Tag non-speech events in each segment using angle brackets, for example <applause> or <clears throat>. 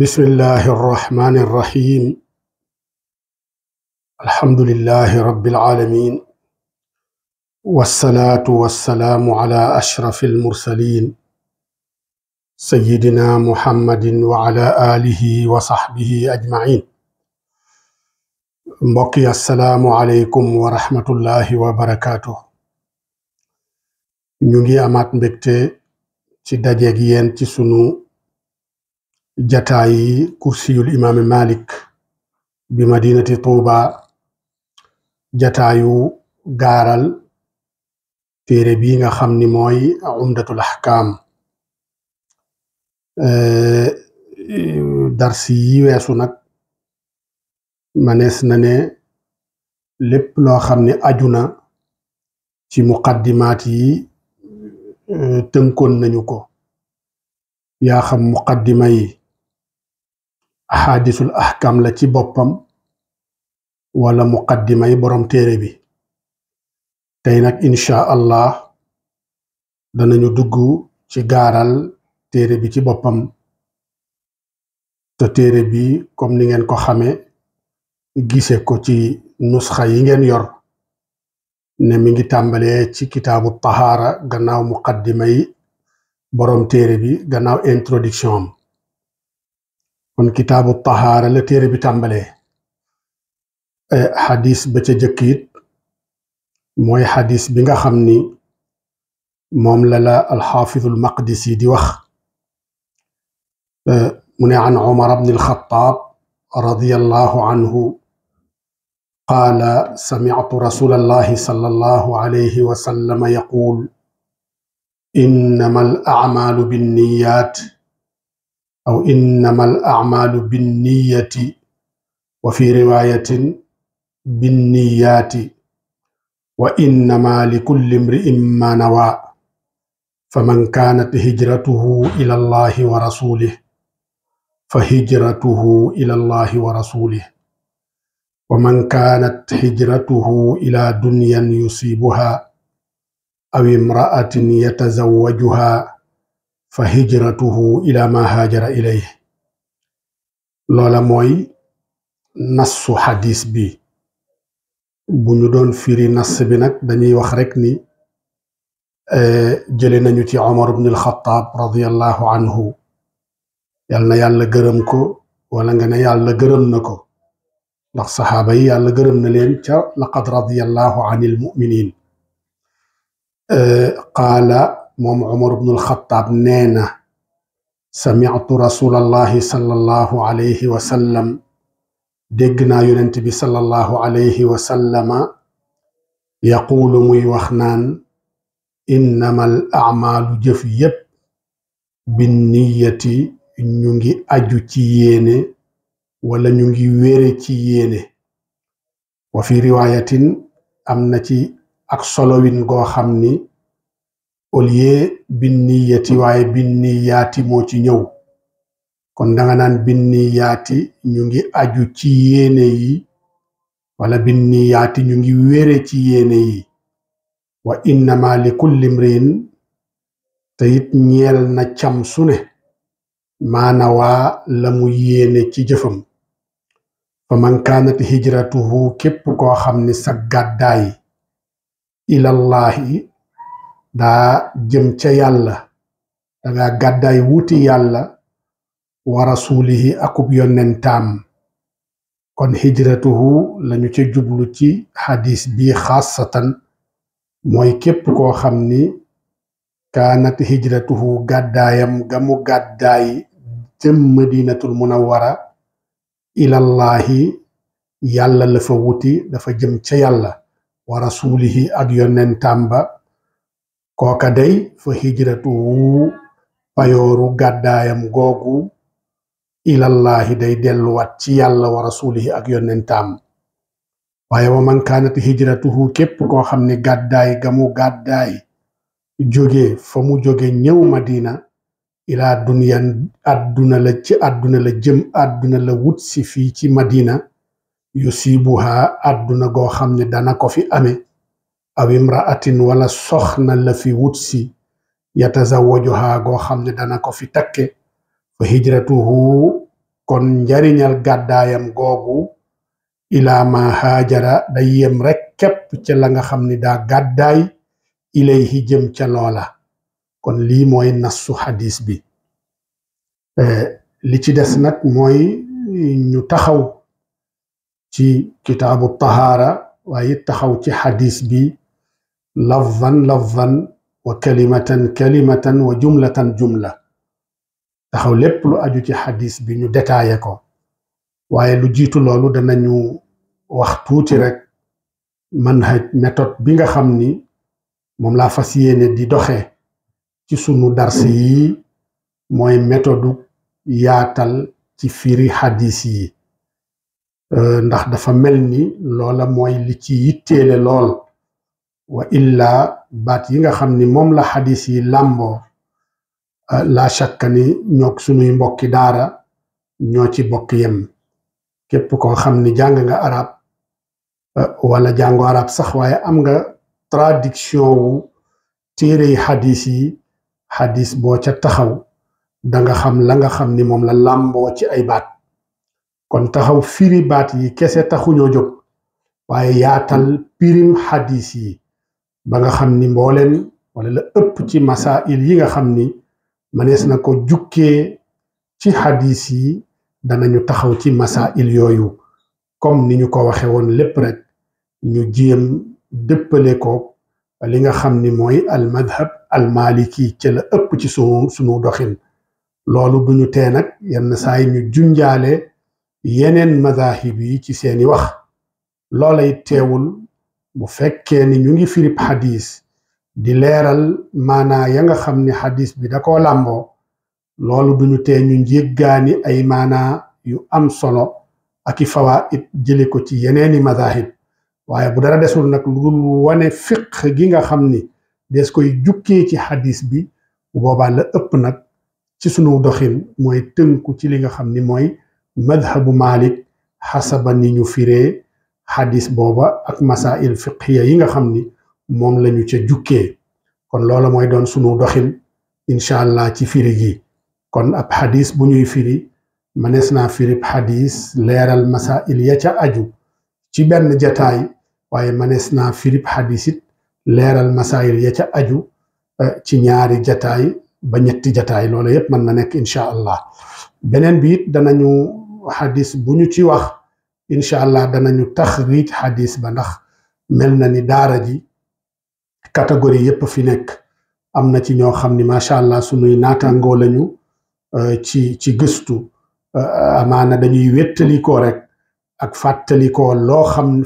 بسم الله الرحمن الرحيم الحمد لله رب العالمين والصلاة والسلام على أشرف المرسلين سيدنا محمد وعلى آله وصحبه أجمعين مبقي السلام عليكم ورحمة الله وبركاته نجي أمات بكتي ci تسنو jataayi kursiyul imaami malik bi madinati tuuba jataayu gaaral téere bii nga xam ni mooy umdatul ahkaam eh, darsi yi weesu nag manees na ne lépp loo xam ne aju na ci muqaddimaat yi eh, tënkoon nañu ko yaa xam muqaddima yi ahadithul ahkam la ci bopam wala muqaddima yi borom téré bi tay nak insha allah danañu dugg ci garal téré bi ci bopam te téré bi comme ni ngeen ko xamé gise ko ci nuskha yi ngeen yor ne mi ngi tambalé ci kitabut tahara gannaaw muqaddima yi borom téré bi gannaaw introduction kon kitaabu taxaara la téere bi tàmbalee xadis ba ca jëkk it mooy xadis bi nga xam ni moom la la alxaafidul maqdisi di wax mu ne an umar bni alxataab radiallahu anhu qaala samictu rasul allahi sal allahu alayhi wasallama yaquul innama al acmaalu binniyaat أو إنما الأعمال بالنية وفي رواية بالنيات وإنما لكل امرئ ما نوى فمن كانت هجرته إلى الله ورسوله فهجرته إلى الله ورسوله ومن كانت هجرته إلى دنيا يصيبها أو امرأة يتزوجها فهجرته إلى ما هاجر إليه لولا موي نص حديث بي بني دون فيري نص بنك دني وخركني جلنا نتي عمر بن الخطاب رضي الله عنه يالنا يالا گرمكو ولا نغنا يالا گرمنكو داخ صحابه يالا گرمنا لين لقد رضي الله عن المؤمنين قال moom Umar ibnul Xattaab nee na sami'tu rasulallahi sallallahu alayhi wa dégg naa yonent bi sallallahu alayhi wa sallama muy wax naan innamal a'maalu jëf yépp binniyati ñu ngi aju ci yéene wala ñu ngi wére ci yéene wa fi riwaayatin am na ci ak solowin goo xam ni olie binniyati waye binniyati mo ci ñew kon da nga naan binniyati ñu ngi aju ci yene yi wala binniyati ñu ngi wéré ci yene yi wa innama li kulli mrin te it ñeel na cam sune maana waa la mu yéene ci jëfam fa man kaanat hijratuhu képp koo xam ni sa gàddaay ilallahi daa jëm ca yàlla danga gàddaay wuti yàlla wa rasulihi akub yonentaam kon hijratuhu lañu ca jublu ci xadis bi xaasatan mooy képp koo xam ni kaanat hijratuhu gàddaayam ga mu gàddaay jëm madinatul munawwara ilallahi yàlla la fa wuti dafa jëm ca yàlla wa rasulihi ak yonentaam ba ka day fa payoru gaddayam gogu ila allah day wat ci yalla wa rasulih ak yonentam waaye wa man kanat hijratuhu kep ko xamne ne gamu ga Joge, famu joge fa madina ilaa dunyan aduna la ci aduna la jëm aduna la wut ci fi ci madina yusibuha aduna go xamne dana ko fi amee aw imraatin wala soxna la fi wut si yatazawajuha goo xam ne dana ko fi takke fa hijratuhu kon njariñal gàddaayam googu ilaa ma haajara day yem rekk kepp ca la nga xam ni daa gàddaay ilayhi jëm ca loola kon lii mooy nassu xadis bi eh, li ci des nag mooy ñu taxaw ci kitaabu tahaara waaye taxaw ci xadis bi لفظا لفظا وكلمة كلمة وجملة جملة taxaw lépp lu aju ci xadis bi ñu détaillé ko waaye lu jiitu loolu danañu wax tuuti rek manhaj méthode bi nga xam ni moom laa fas yéene di doxee ci sunu dars yi mooy méthode yaatal ci firi xadis yi ndax dafa mel ni loola mooy li ci yitteele lool wa illaa baat yi nga xam ni moom la xadis yi làmboo euh, la shakka ni ñoog sunuy mbokki daara ñoo ci bokk yem képp koo xam ni jàng nga arab euh, wala jàngu arab sax waaye am nga traduction wu téere yi xadis yi xadis boo ca taxaw danga xam la nga xam ni moom la làmboo ci ay baat kon taxaw firi baat yi kese taxuñoo jóg waaye yaatal pirim xadis yi ba nga xam ni mboole mi wala la ëpp ci masail yi nga xam ni mënees na ko jukkee ci xadis yi danañu taxaw ci masail yooyu comme ni ñu ko waxe woon lépp rek ñu jéem dëppale ko li nga xam ni mooy al madhab al maliki ci la ëpp ci sunu sunu doxin loolu duñu tee nag yenn saay ñu junjaale yeneen madahib yi ci seeni wax loola teewul bu fekkee ni ñu ngi firip xadis di leeral maanaa ya nga xam ni xadis bi da ko làmboo loolu duñu tee ñu njéggaani ay maanaa yu am solo aki i it jële ko ci yeneeni mazahib waaye bu dara desul nag lu dul wane fiq gi nga xam ni des koy jukkee ci xadis bi bu boobaa la ëpp nag ci sunu doxin mooy tënku ci li nga xam ni mooy madhabu malik xasaba ni ñu firee hadith boba ak masail fiqhiya yi nga xamni mom lañu ci jukke kon loola moy don sunu doxim inshallah ci firi gi kon ab hadith bu ñuy firi manesna firi firib xadis masail ya ca aju ci ben jotaay waye manesna firi firib xadis it masail ya ca aju ci ñaari jotaay ba ñetti jotaay loola yep man na nek inshallah benen bi danañu xadis bu ñu ci wax incha allah danañu taxriij hadith ba ndax melna na ni daara ji catégorie yépp fi nek amna ci ñoo xamni ni macha allah sunuy naataangoo lañu euh, ci ci gëstu euh, amana dañuy ko rek ak fàttalikoo loo xam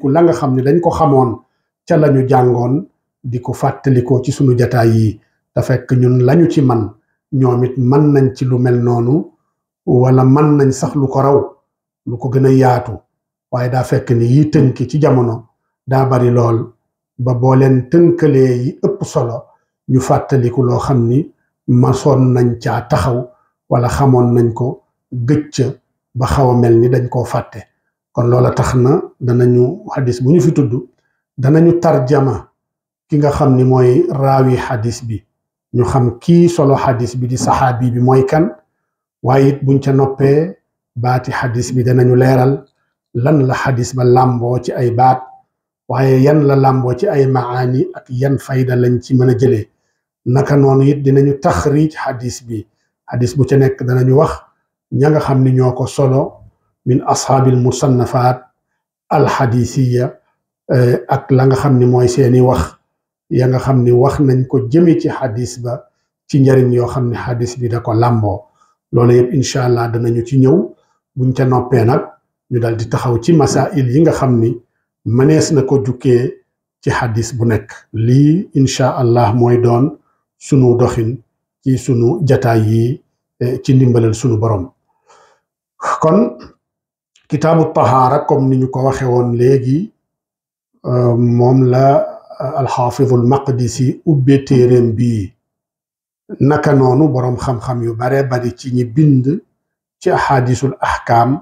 ko la nga xamni dañ ko xamone ca lañu diko fatali ko ci suñu jota yi da fek ñun lañu ci man ñoom man nañ ci lu mel nonu wala man nañ sax lu ko raw lu ko gën a yaatu waaye daa fekk ni yi tënk ci jamono daa bari lool ba boo leen tënkalee yi ëpp solo ñu fàttaliku loo xam ni masoon nañ caa taxaw wala xamoon nañ ko gëcca ba xaw a mel ni dañ koo fàtte kon loola tax na danañu xadis bu ñu fi tudd danañu tarjama ki nga xam ni mooy raawi xadis bi ñu xam kii solo xadis bi di saxaabi bi mooy kan waaye it buñ ca noppee baati xadis bi danañu leeral lan la xadis ba làmboo ci ay baat waaye yan la làmboo ci ay maani ak yan fayda lañ ci mën a jëlee naka noonu it dinañu taxriij xadis bi xadis bu ca nekk danañu wax ña nga xam ni solo min ashabil ashaabil al alxadisiya ak la nga xam ni mooy seeni wax ya nga xam ni wax nañ ko jëme ci xadis ba ci njariñ yoo xam ne bi da ko làmboo loolu yëpp incha allah ci ñëw buñ ca noppee nag ñu dal di taxaw ci masail yi nga xam ni mënees na ko jukkee ci xadis bu nekk lii incha allah mooy doon sunu doxin ci sunu jataay yi ci ndimbalal sunu borom kon kitaabu tahaara comme ni ñu ko waxe woon léegi moom la alxaafidu almaqdisi ubbe téeréem bii naka noonu boroom xam-xam yu bare bari ci ñi bind ci ahadisul ahkam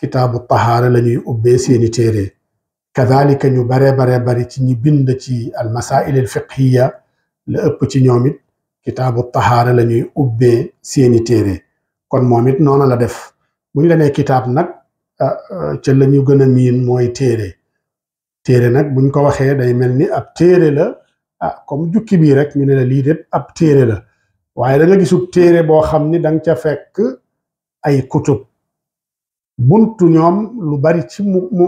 kitab tahaara tahara lañuy ubbé seeni téré kadhalika ñu bare bare bare ci ñi bind ci al masail al fiqhiyya le ëpp ci ñoom kitab kitaabu tahara lañuy ubbé ubbee seeni téere kon momit it la def buñ la né kitab nak ci lañu gëna min moy téré téré nak buñ ko waxé day melni ab téré la ah comme jukki bi rek ñu ne la li de ab téré la waye da nga gisub téré bo xamni dang ca fekk ay kutub buntu ñoom lu bari ci mu mu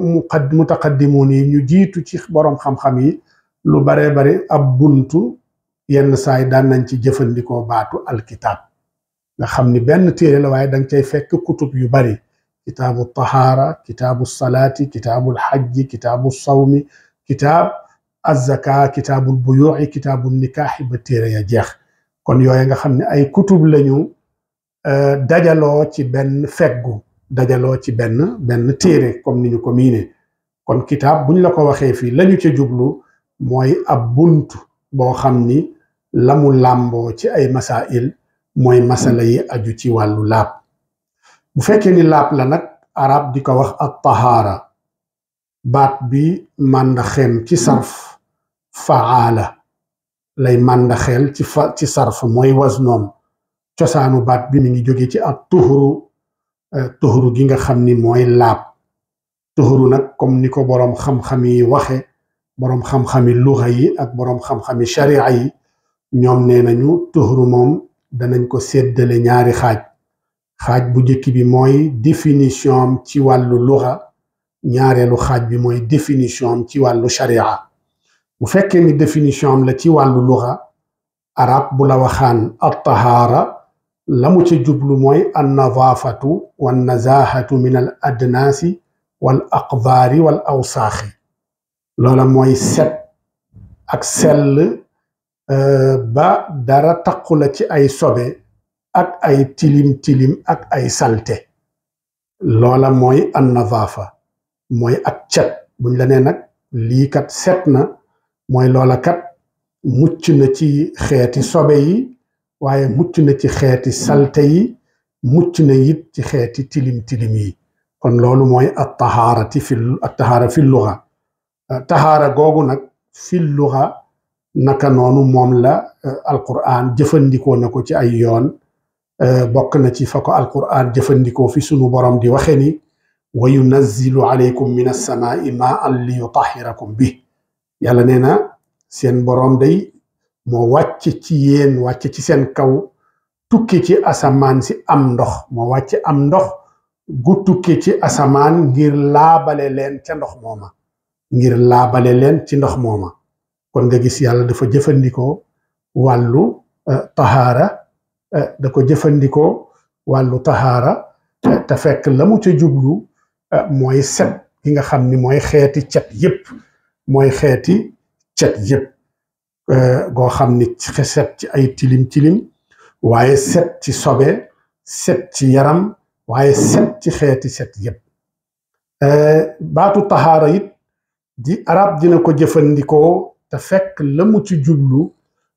mutaqaddimun yi ñu jiitu ci boroom xam-xam yi lu baree bari ab buntu yenn saay daan nañ ci jëfandikoo baatu alkitab nga xam ni benn téere la waaye danga cay fekk kutub yu bari kitaabu tahaara kitaabu salaati kitaabul hajji kitaabu sawmi kitaab azaka kitaabul buyuuxi kitaabu nikaaxi ba téere ya jeex kon yooye nga xam ne ay kutub lañu Euh, dajaloo ci benn feggu dajaloo ci benn benn téere comme ni ñu ko miine kon kitaab buñ la ko waxee fii lañu ca jublu mooy ab bunt boo xam ni lamu mu làmboo ci ay masail mooy masala yi aju ci wàllu laab bu fekkee ni laab la nag arab di ko wax ab tahaara baat bi màndaxeem ci sarf faala lay màndaxeel ci ci sarf mooy wasnoom cosaanu baat bi mi ngi jóge ci ab tuxuru eh, tuxuru gi nga xam ni mooy laab tuxuru nag comme ni ko boroom xam-xam yi waxe boroom xam-xami luxa yi ak boroom xam-xami sharia yi ñoom ne nañu tuxuru moom danañ ko seddale ñaari xaaj xaaj bu jëkk bi mooy définition am ci wàllu luxa ñaareelu xaaj bi mooy définition ci wàllu sharia bu fekkee ni définition la ci wàllu luxa arab bu la waxaan at tahaara lamu ci jublu mooy annadaafatu nazahatu min al adnaasi wal aqdaari wal awsaaxi loola mooy set ak sell ba dara taqu ci ay sobe ak ay tilim tilim ak ay salte loola mooy annadaafa mooy ak cet buñ la nee nag lii kat set na mooy kat mucc na ci xeeti sobe yi waye mucc na ci xeeti salte yi mucc na yit ci xeeti tilim tilim yi kon loolu mooy at tahaarati fil at tahara fil lugha tahara gogu nak fil lugha naka noonu moom la alquran jëfandikoo na ko ci ay yoon bokk na ci fa ko alquran jëfandikoo fi sunu borom di waxe ni wa yunazzilu alaykum min as-samaa'i maan li yutahirakum bi yàlla neena na seen borom day moo wàcc ci yéen wàcc ci seen kaw tukki ci asamaan si am ndox moo wàcc am ndox gu tukki ci asamaan ngir laabale leen ca ndox mooma ngir laabale leen ci ndox mooma kon nga gis yàlla dafa jëfandikoo wàllu eh, taxaara eh, da ko jëfandikoo wàllu taxaara eh, te fekk la mu ca jublu mooy set gi nga xam ni mooy xeeti cet yépp mooy xeeti cet yépp go xamni ci set ci ay tilim tilim waye set ci sobe set ci yaram waye set ci xeeti set yeb euh baatu tahara it di arab dina ko jëfandikoo ta fekk lamu ci jublu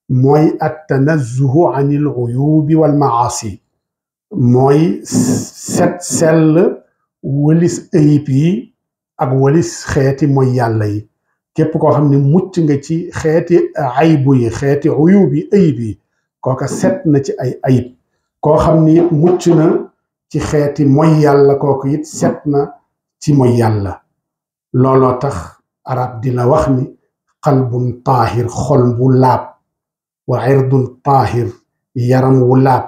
moy at tanazzuhu anil uyub wal maasi moy set sel wulis ayib yi ak wulis xeeti moy yàlla yi képp koo xam ne mucc nga ci xeeti aybu yi xeeti uyub yi ayib yi kooka seet na ci ay ayib koo xam ni it mucc na ci xeeti mooy yàlla kooku yit seet na ci mooy yàlla looloo tax arab di la wax ni qalbun taahir xol bu laab wa irdun taahir yaram wu laab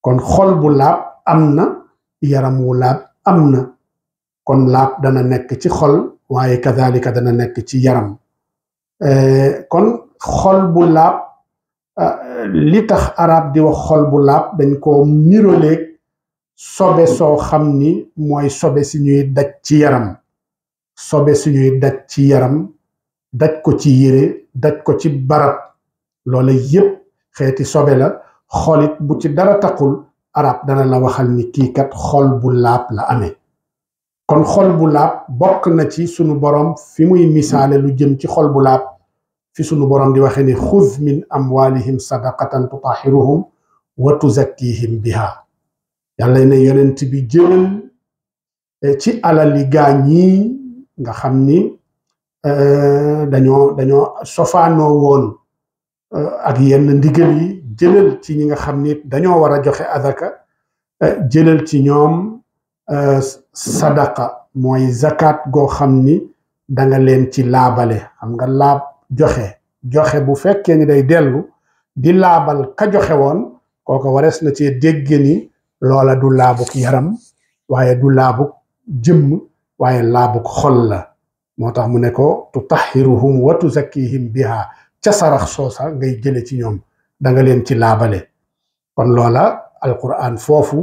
kon xol bu laab am na yaram wu laab am na kon laab dana nekk ci xol waye kadhalika dana nek ci yaram kon xol bu laab li tax arab di wax xol bu laab dañ ko niroleeg sobe soo xam ni sobe si ñuy daj ci yaram sobe si ñuy daj ci yaram daj ko ci yére daj ko ci barab loola yépp xeeti sobe la xolit bu ci dara taqul arab dana la waxal ni kii kat xol bu laab la amee kon xol bu laab bokk na ci sunu borom fi muy misaale lu jëm ci xol bu laab fi sunu borom di waxe ni xuz min amwalihim sadaqatan tutahiruhum wa tuzakkihim biha yàlla ne yonent bi jëlal e, ci alal yi gaa yi nga xam ni e, dañoo dañoo sofaanoo woon e, ak yenn ndigal yi jëlal ci ñi nga xam ni dañoo war a joxe azaka jëlal ci ñoom Euh, sadaqa mooy zakat goo xam ni da nga leen ci laabale xam nga laab joxe joxe bu fekkee ni day dellu di laabal ka joxe woon kooka warees na cee dégge ni loola du laabuk yaram waaye du laabuk jëmm waaye laabuk xol la moo tax mu ne ko tutahhiruhum wa tuzakkihim biha ca sarax soosa ngay jële ci ñoom danga leen ci laabale kon loola alquran foofu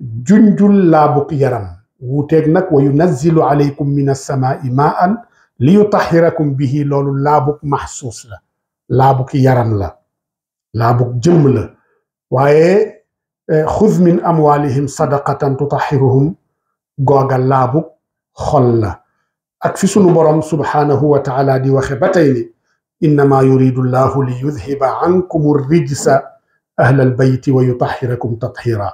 junjul laabuk yaram wuuteeg nag wa yunazzilu alaykum min as-samaai maan li yutahirakum bihi loolu laabuk maxsuus la laabuk yaram la laabuk jëmm la waaye xuz min amwalihim sadaqatan tutahiruhum googa laabuk xol la ak fi sunu borom subhanahu wa taala di waxe ba tey ni innama yuridu llahu li yudhiba ankum rijsa ahla albayti wa yutahirakum tathira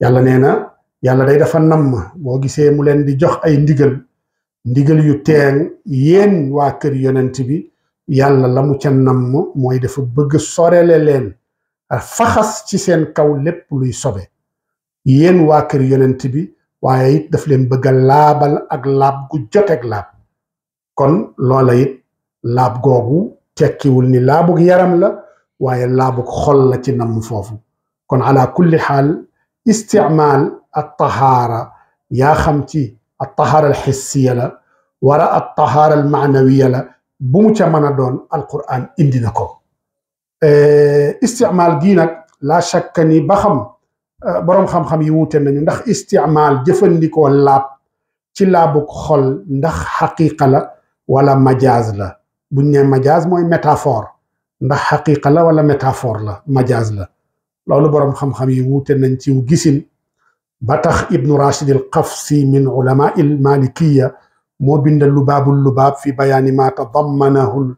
yàlla nee na yàlla day dafa namm boo gisee mu leen di jox ay ndigal ndigal yu teeng yéen waa kër yonent bi yàlla la mu ca namm mooy dafa bëgg sorele leen faxas ci seen kaw lépp luy sobe yéen waa kër yonent bi waaye it daf leen bëgga laabal ak laab gu joteeg laab kon loola it laab googu tekkiwul ni laabug yaram la waaye laabug xol la ci namm foofu kon ala kulli xaal استعمال الطهارة يا خمتي الطهارة الحسية لا وراء الطهارة المعنوية لا بمتمنى دون القرآن اندينكو اه، استعمال دينك لا شك أني بخم اه، برام خم خم من نخ استعمال جفن لكو اللاب تلا بك خل نخ حقيقة لا ولا مجاز لا بني مجاز مو متافور نخ حقيقة لا ولا متافور لا مجاز لا لولو borom خم خم yi ننتي nañ ci ابن راشد tax من علماء المالكيه مو بند اللباب اللباب في بيان ما تضمنه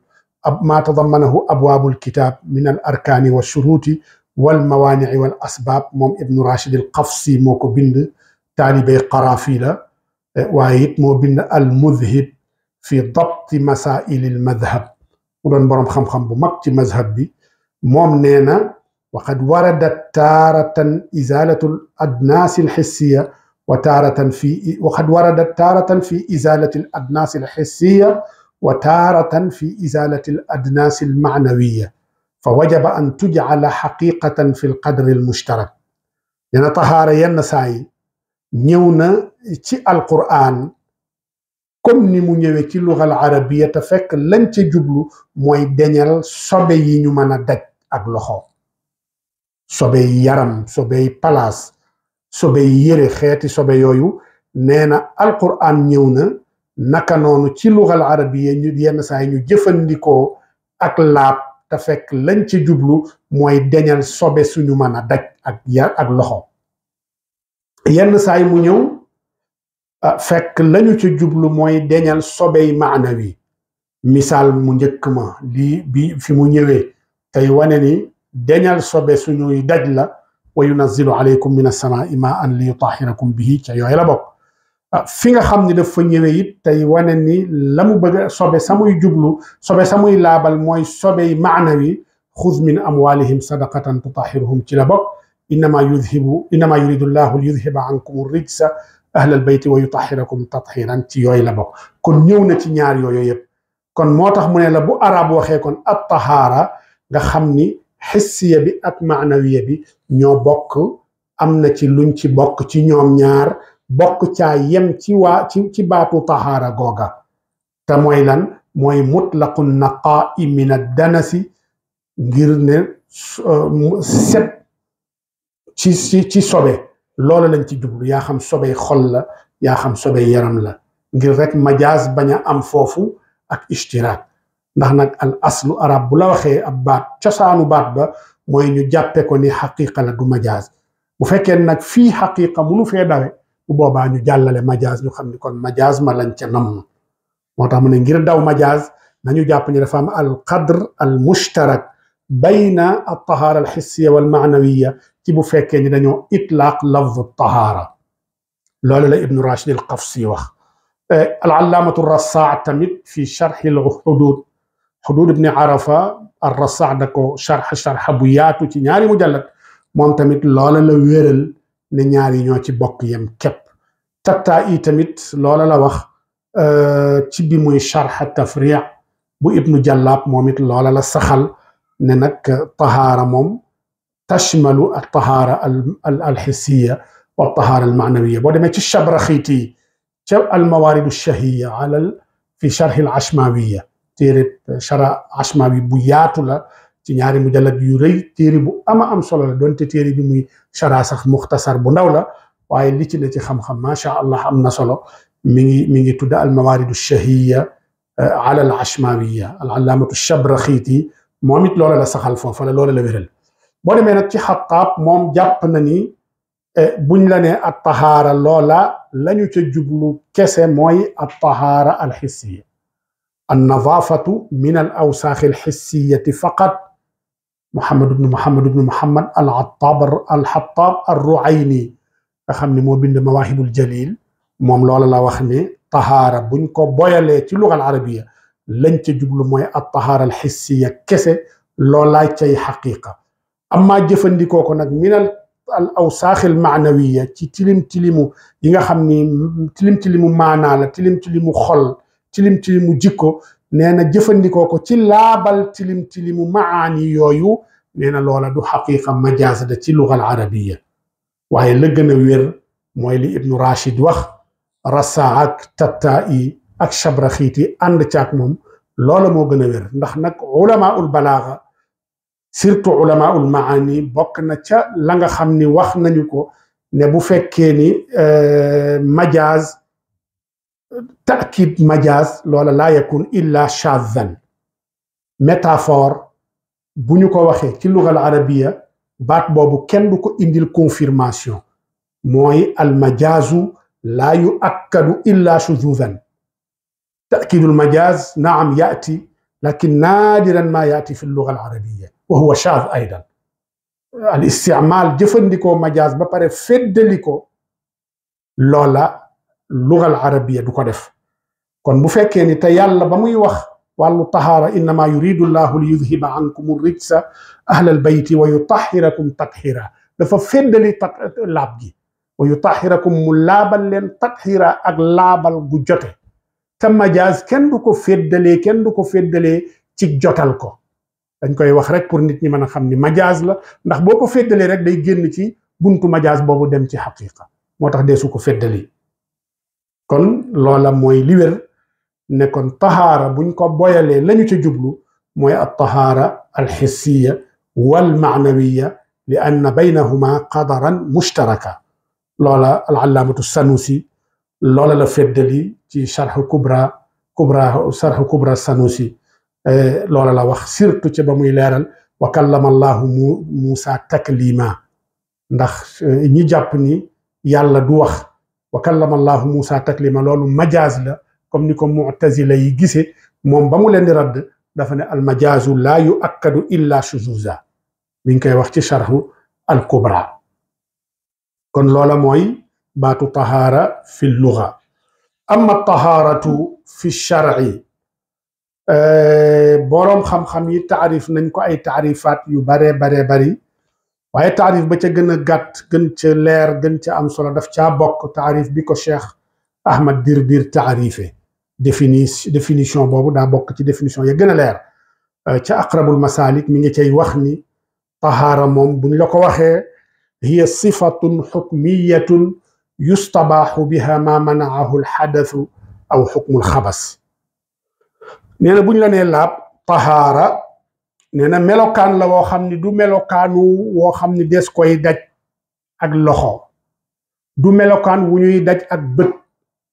ما تضمنه أبواب الكتاب من الأركان والشروط والموانع والأسباب موم ابن راشد القفصي موكو بند بي قرافيلة أه، وايت مو بند المذهب في ضبط مسائل المذهب ودون برم خم خم بمكت مذهب بي موم نينا وقد وردت تارة إزالة الأدناس الحسية وتارة في وقد وردت تارة في إزالة الأدناس الحسية وتارة في إزالة الأدناس المعنوية فوجب أن تجعل حقيقة في القدر المشترك لأن طهارة ين نيونا تي القرآن كم نمو نيوكي اللغة العربية تفك لن تجبلو موي lañ ca jublu mooy deñal sobey yaram sobey palaas sobey yére xeeti sobe yooyu nee na alquran ñëw na naka noonu ci luxal arabiya ñu yenn saay ñu jëfandikoo ak laab te fekk lañ ci jublu mooy deñal sobe suñu mën a daj ak yar ak loxo yenn saa mu ñëw ah, fekk lañu ci jublu mooy deñal sobey maanawi misaal mu njëkk ma lii bi fi mu ñëwee tey wane ni deñal sobe suñuy daj la wa yunazzilu alaykum min as-samaa'i maa'an li yutahhirakum bihi ca yooyu la bokk fi nga xam ni daf fa ñëwee it tey wane ni la mu bëgg a sobe samuy jublu sobe samuy laabal mooy sobey maanawi xuz min amwalihim sadaqatan tutahhiruhum ci la bokk innama yudhibu innama yuridu llahu liyudhiba ankum rijsa ahla albayti wa yutahhirakum tathiran ci yooyu la bokk kon ñëw na ci ñaar yooyu yëpp kon moo tax mu ne la bu arab waxee kon at tahaara nga xam ni xissiya bi ak maanawiya bi ñoo bokk am na ci luñ ci bokk ci ñoom ñaar bokk ca yem ci ci ci baatu tahaara googa te mooy lan mooy mutlaqu naqaa'i min addanasi ngir ne euh, set ci ci sobe loolu lañ ci jublu yaa xam sobe xol la yaa xam sobe yaram la ngir rek majaas bañ a am foofu ak ishtiraak ndax nag al aslu arab bu la waxee ab baat cosaanu baat ba mooy ñu jàppe ko ni xaqiqa la du majaas bu fekkee nag fii xaqiqa munu fee dawe bu boobaa ñu jàllale majaas ñu xam ni kon majaas ma lañ ca namm moo tax mu ne ngir daw majaas nañu jàpp ni dafa am al qadr al mushtarak bayna al tahaara al xissiya wal maanawiya ci bu fekkee ni dañoo itlaaq lafzu tahaara loolu la ibnu rashid al qafsi wax al allaamatu rasaa tamit fi charxi al xudud حدود ابن عرفة الرصع دكو شرح شرح بوياتو تي نياري مجلد موم تاميت لولا لويرل ويرل ني نياري نيو تي بوك يم كيب تتا اي تاميت لولا لوخ واخ آه، تي بي موي شرح التفريع بو ابن جلاب موميت لولا لا سخال طهاره موم تشمل الطهاره الحسيه والطهاره المعنويه بو ديمي تي تي الموارد الشهيه على في شرح العشماويه téere chara euh, asma bu yaatu la ci ñaari mujallat yu rëy téere bu ama am solo la donte téere bi muy chara sax muxtasar bu ndaw la waaye li ci ne ci xam-xam macha allah am na solo mi ngi mi ngi tudd al mawaridu shahiya euh, ala al ashmawiya moom it loola la saxal foofu la la wéral boo demee nag ci xataab moom jàpp na ni euh, buñ la nee at tahaara loola la ñu ca jublu kese mooy at tahaara al النظافة من الأوساخ الحسية فقط محمد بن محمد بن محمد العطاب الحطاب الرعيني خمني مو بند مواهب الجليل موم لولا لا وخني طهارة بنكو بويلة اللغة العربية لن تجبل موي الطهارة الحسية كسي لولا تي حقيقة أما جفن دي كوكونات من الأوساخ المعنوية تي تلم تلمو يغا تلم تلمو معنى تلم تلمو خل tilim tilimu jikko nee na jëfandikoo ko ci laabal tilim tilimu maani yooyu nee na loola du xaqiqa majaas da ci lugal arabiya waaye la gën a wér mooy li ibnu rachid wax rasa ak tatta i ak shabraxiiti ànd caak moom loola moo gën a wér ndax nag ulamaul balaaga surtout ulamaul maani bokk na ca la nga xam ni wax nañu ko ne bu fekkee ni majaaz تأكيد مجاز لولا لا يكون إلا شاذا ميتافور بنيكو وخي كل لغة العربية بات بابو كن boobu kenn du موي المجاز لا يؤكد إلا شذوذا تأكيد المجاز نعم يأتي لكن نادرا ما يأتي في اللغة العربية وهو شاذ أيضا الاستعمال جفن جفندكو مجاز بباري فد فدلكو لولا اللغه العربيه دوكو ديف كون بو فكي ني تا يالا باموي واخ والو طهارة انما يريد الله ليذهب عنكم الرجس اهل البيت ويطهركم تطهيرا دا فا فندلي تط... لاب جي ويطهركم ملابا لن تطهيرا اك لابل جو جوتي تما جاز كين دوكو فدلي كين دوكو فدلي تي جوتال كو dañ koy wax rek pour nit ñi mëna xamni majaz la ndax boko fédélé rek day génn ci buntu majaz bobu dem ci haqiqa motax dé suko fédélé kon loola mooy li wér ne kon tahaara buñ ko boyalee lañu ca jublu mooy al tahaara wal walmaanawiya li ann baynahuma qadaran mushtaraka loola alallaamatu sanusi loola la feddali ci charxu kubra kubra charxu kubra sanusi loola la wax surtout ci ba muy leeral wa kallama allahu musa taklima ndax ñi jàpp ni yàlla du wax وكلم الله موسى تكلم لولو مجاز لا كوم نيكو معتزله يي غيسه موم بامو لين رد دا المجاز لا يؤكد الا شذوزا مين كاي واخ شرح الكبرى كون لولا موي باتو طهاره في اللغه اما الطهاره في الشرع آه، بوروم خم خم تعريف ننكو اي تعريفات يو باري باري باري waye taarif ba ca gëna gàtt gën ca leer gën ca am solo daf ca bok taarif bi ko cheikh ahmad dir dir taarife définition définition bobu da bok ci définition ya gëna a leer ca aqrabul masalik mi ngi cey wax ni tahara mom buñ la ko waxé hiya sifatun xukmiyatun yustabaaxu biha ma manaahu alxadathu aw xukmul xabas nee na buñ la nee laab tahaara nee na melokaan la woo xam ni du melokaanu woo xam ni des koy daj ak loxo du melokaan wu ñuy daj ak bët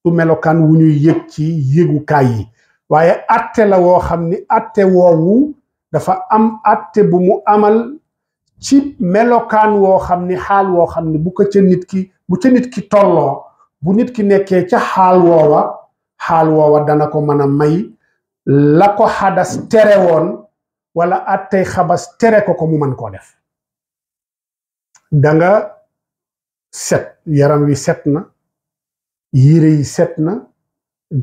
du melokaan wu ñuy yëg ci yëgukaay yi waaye atte la woo xam ni atte woowu dafa am atte bu mu amal ci melokaan woo xam ni xaal woo xam ni bu ko ca nit ki bu ca nit ki tolloo bu nit ki nekkee ca xaal woowa xaal woowa dana ko mën a may la ko xadas tere woon wala attey xabas tere ko ko mu mën koo def danga set yaram wi set na yiire yi set na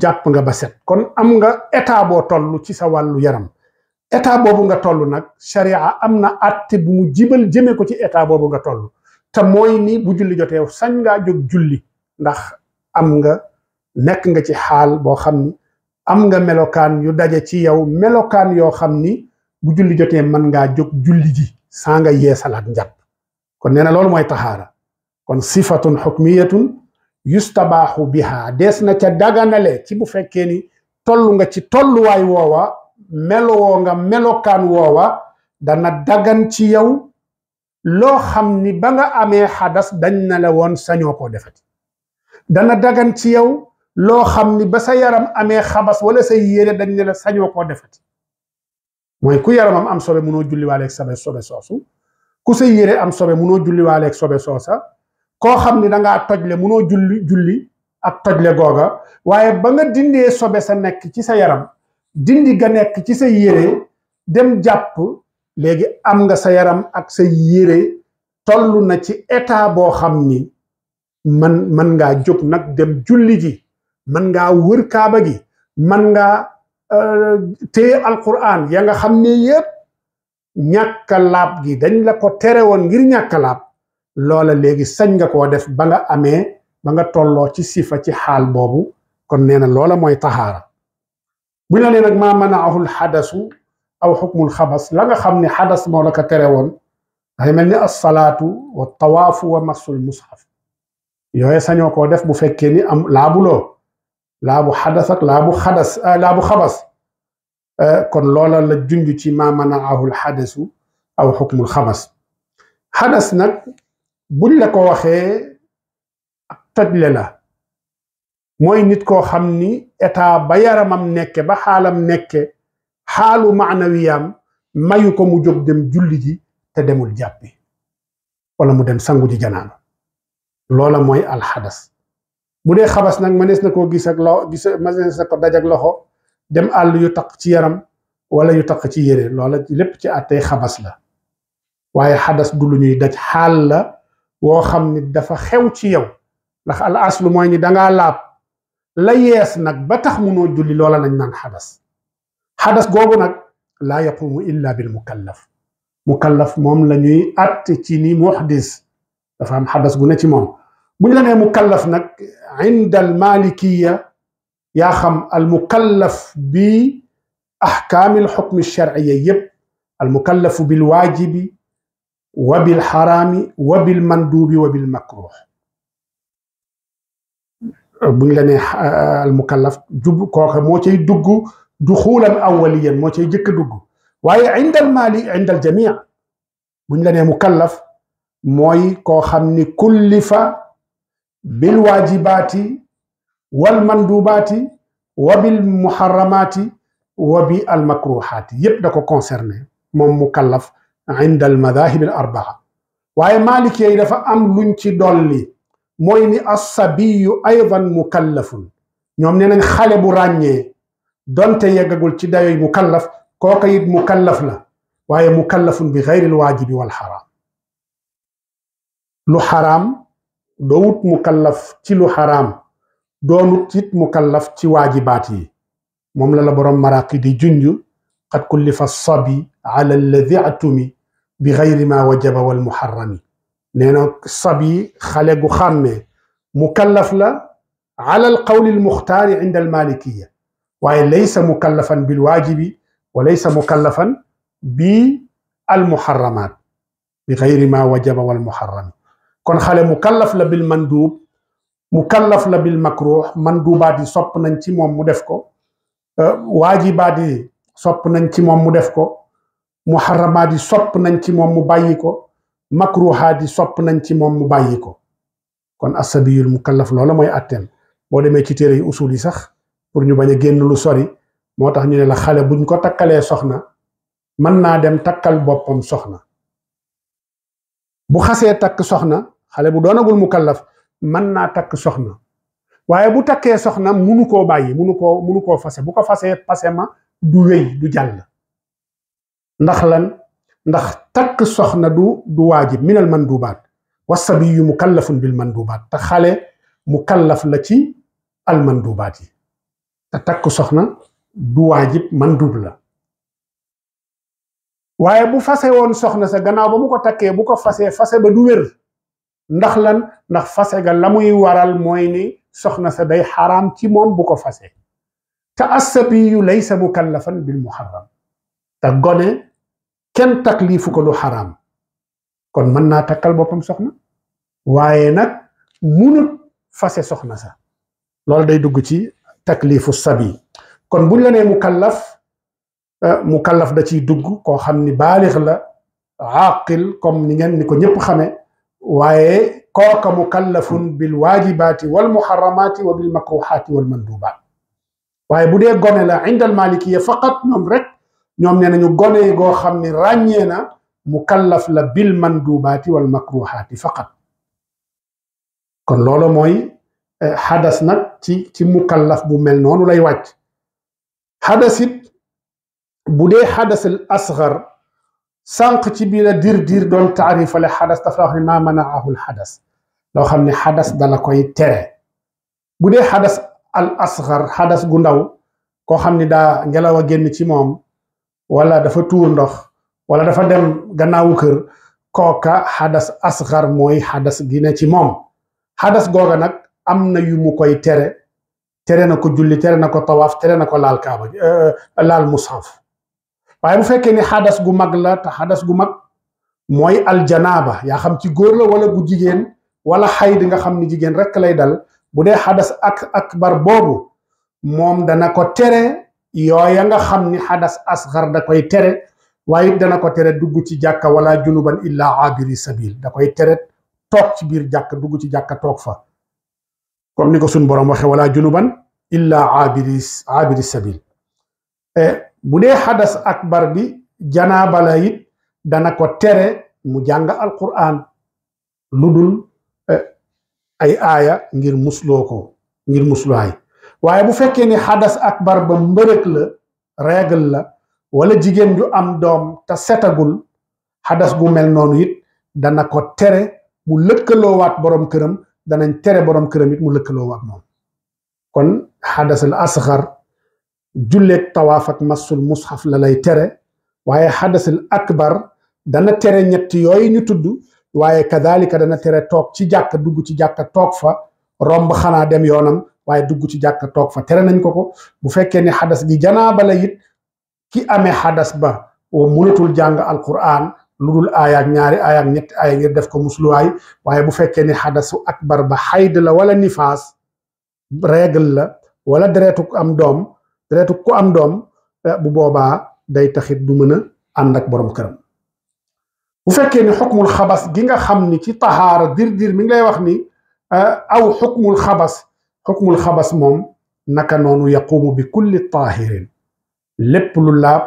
jàpp nga ba set kon am nga état boo toll ci sa wàllu yaram état boobu nga toll nag sharia am na àtte bu mu jibal jëme ko ci état bu nga toll te mooy ni bu julli jotee sañ ngaa jóg julli ndax am nga nekk nga ci xaal boo xam ni am nga melokaan yu daje ci yow melokaan yoo xam ni bu julli jotee man nga jog julli ji saa nga kon néna na moy tahara kon sifatun hukmiyatun yustabahu biha des na ca daganalé ci bu fekkee ni tollu nga ci wowa melo wo nga melokaan wowa dana dagan ci yow lo xamni ba nga amé hadas dañ na la won saño ko defati dana dagan ci yow lo xamni ba sa yaram amé xabas wala sa yére dañ na la saño ko defati mooy ku yaramam am sobe munoo julliwaaleeg sobe sobe soosu ku sa yére am sobe munoo julliwaaleeg sobe soosa koo xam ni da toj le munoo julli julli ak tojle googa waaye ba nga dindee sobe sa nekk ci sa yaram dindi ga nekk ci sa yére dem jàpp léegi am nga sa yaram ak sa yére toll na ci état boo xam ni man mën ngaa jóg nag dem julli ji mën ngaa wër kaaba gi mën ngaa Euh, téye alquran ya nga xam ne yépp ñàkka laab gi dañ la ko tere woon ngir ñàkka laab loola léegi sañ nga koo def ba amee ba nga tolloo ci sifa ci xaal boobu kon nee loola mooy taxaara bu ñu nee nag maa manaahul xadasu aw xukmul xabas la nga xam ni xadas moo la ko tere woon day mel ni asalaatu wa tawaafu wa masul mushaf yooye sañoo koo def bu fekkee ni am laabuloo laabu xadas ak laabu xadas euh, laabu xabas euh, kon loola la junj ci ma manaahul xadasu aw xukmul xabas xadas nag buñ la ko waxee tojle la mooy nit koo xam ni état ba yaramam nekke ba xaalam nekke xaalu maanawiyaam mayu ko mu jóg dem julli ji te demul jàppi wala mu dem sangu ji janaaba loola mooy alxadas bu dee xabas nag mënees na koo gis ak lo gis mënees na ko daj ak loxo dem àll yu taq ci yaram wala yu taq ci yére loola lépp ci àttee xabas la waaye xadas du lu ñuy daj xaal la woo xam ni dafa xew ci yow ndax al aslu mooy ñi danga laab la yees nag ba tax mu munoo julli loola nañ naan xadas xadas googu nag laa yaqumu illa bil mukallaf mukallaf moom la ñuy ci ni muhdis dafa am xadas gu ci moom بلنا مكلف نك عند المالكية يا خم المكلف بأحكام الحكم الشرعي يب المكلف بالواجب وبالحرام وبالمندوب وبالمكروه بلنا المكلف جب كوكا موتي دقو دخولا اوليا موتي جك دقو واي عند المالي عند الجميع بلنا مكلف موي كو خمني بالواجبات والمندوبات وبالمحرمات وبالمكروهات يب داكو كونسيرني موم مكلف عند المذاهب الاربعه واي مالك يي دا فا ام لون سي دولي موي ني الصبي ايضا مكلف نيوم نين خالي بو راني دونت ييغغول yeggagul ci مكلف كوكا kooka مكلف لا واي مكلف بغير الواجب والحرام لو حرام دوت مكلف تلو حرام دونوت تيت مكلف تي واجباتي مملا لبرم مراقي دي جنجو قد كلف الصبي على الذي اعتمي بغير ما وجب والمحرم نينو الصبي خالق خامي مكلف لا على القول المختار عند المالكية وهي ليس مكلفا بالواجب وليس مكلفا بالمحرمات بغير ما وجب والمحرم kon xale mu kallaf la bil mandub mu kallaf la bil makruh manduba di sop nañ ci mom mu def ko wajiba di sop nañ ci mom mu def ko muharrama di sop nañ ci mom mu bayiko makruha di sop nañ ci mom mu bayiko kon asabiyul mukallaf loola moy atem bo deme ci tere usuli sax pour ñu baña génn lu sori motax ñu ne la xale buñ ko takale soxna man na dem takal bopam soxna bu xasse tak soxna xale bu doona gul mukallaf man na tak soxna waye bu takke soxna munu ko bayyi munu ko munu ko fase bu ko fasé passé ma du wey du jall ndax lan ndax tak soxna du du minal wasabiyu mukallafun bil mandubat tak xale mukallaf la ci al mandubat yi tak takk soxna du wajib mandub la waye bu fase won soxna sa gannaaw bu ko takke bu ko fasé fase ba du wer ndax lan ndax fase ga lamuy waral moy ni soxna sa day haram ci mom bu ko fase te assabiyu laysa mukallafan bil muharram ta gone ken taklifu ko lu haram kon man na takal bopam soxna waye nak munut fase soxna sa lol day dugg ci taklifu sabi kon buñ la né mukallaf mukallaf da ci dugg ko xamni baligh la aqil comme ni ngeen ni ko ñëpp xamé waaye kooka mukallafun bil waajibaati wal muharramaati wa bil makruhaati wal mandubaat waaye bu dee gone la indal malikiya faqat ñoom rek ñoom nee nañu gone goo xam ne ràññee na mukallaf la bil mandubaati wal makruhaati faqat kon loolu mooy xadas nag ci ci mukallaf bu mel noonu lay wàcc xadasit bu dee xadasal asgar sànq ci biir a dir dir doon taarifale xadas dafa wax ne maa axul xadas loo xam ne xadas dala koy tere bu dee xadas al asgar xadas gu ndaw koo xam ni daa ngelaw a génn ci moom wala dafa tuur ndox wala dafa dem gannaawu kër kooka xadas asgar mooy xadas gi ne ci moom xadas googa nag am na yu mu koy tere tere na ko julli tere na ko tawaaf tere na ko laal kaaba euh, laal mushaf waaye bu fekkee ni xadas gu mag la te xadas gu mag mooy aljanaaba yaa xam ci góor la wala gu jigéen wala xayd nga xam ni jigéen rek lay dal bu dee xadas ak akbar boobu moom dana ko tere yooya nga xam ni xadas asgar da koy tere waaye dana ko tere dugg ci jàkka wala junuban illa abiri sabil da koy tere toog ci biir jàkka dugg ci jàkka toog fa comme ni ko suñ boroom waxe wala junuban illa abiri abiri sabil eh, bu dee xadas akbar bi janaaba la it dana ko tere mu jàng alquran lu dul eh, ay aaya ngir musloo ko ngir musluwaay waaye bu fekkee ni xadas akbar ba mbërëg la règle la wala jigéen ju am doom te setagul xadas gu mel noonu it dana ko tere mu lëkkaloowaat boroom këram danañ tere boroom këram it mu lëkkaloowaat moom kon xadasal asxar julleeg tawaaf ak masul mushaf la lay tere waaye xadasil akbar dana tere ñett yooyu ñu tudd waaye kadalika dana tere toog ci jàkka dugg ci jàkka toog fa romb xanaa dem yoonam waaye dugg ci jàkka toog fa tere nañ ko ko bu fekkee ni xadas gi janaaba la it ki amee xadas ba munatul jàng alquran lu dul aayaak ñaari aayaak ñetti aaya ngir def ko musluwaay waaye bu fekkee ni xadasu akbar ba xayd la wala nifaas règle la wala deretu am doom reetu ku am doom eh, bu boobaa day taxit du mën a ànd ak borom këram bu fekkee xabas gi nga xam ni ci taxaara dir dir mi ngi wax ni eh, aw xabas xukmul xabas moom naka noonu yaquumu bi kulli taahirin lépp lu laab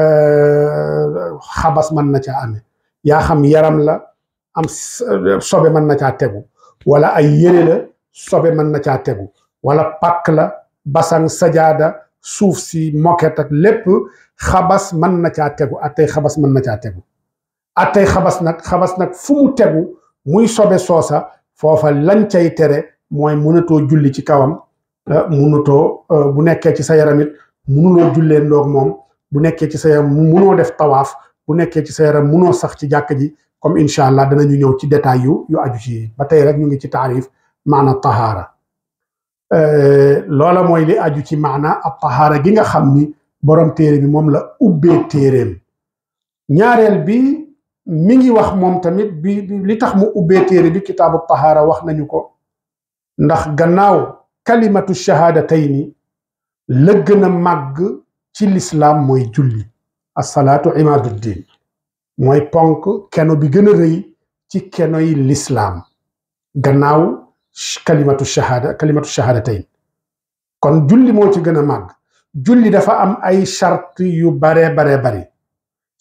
eh, xabas mën na ca amee yaa xam yaram la am sobe mën na caa tegu wala ay yére la sobe mën na caa tegu wala pàkk la basan sajada souf si moket ak lépp khabas man na ca teggu atay khabas man na ca teggu atay khabas nak khabas nak fu teggu muy sobe sosa fofa lañ cey tere moy mënatoo julli ci kawam mënatoo bu nekké ci sa yaramit munulo julle ndok mom bu nekké ci sa yaram muno def tawaf bu nekké ci sa yaram muno sax ci jàkk ji comme inshallah danañu ñëw ci détail yu yu aju ci ba tay rek ñu ngi ci tarif maana tahara Eh, loola mooy li aju ci maana ab tahaara gi nga xam ni borom téere bi moom la ubbee téereem ñaareel bi mi ngi wax moom tamit bi li tax mu ubbee téere bi kitaabu tahaara wax nañu ko ndax gannaaw kalimatu shahadatayni la gën a màgg ci lislaam mooy julli asalaatu imaduddin mooy ponk keno bi gën rëy ci kenoy lislaam gannaaw kalimatu shahada kalimatu shahadatayn kon julli moo ci gën a màgg julli dafa am ay charte yu baree baree bari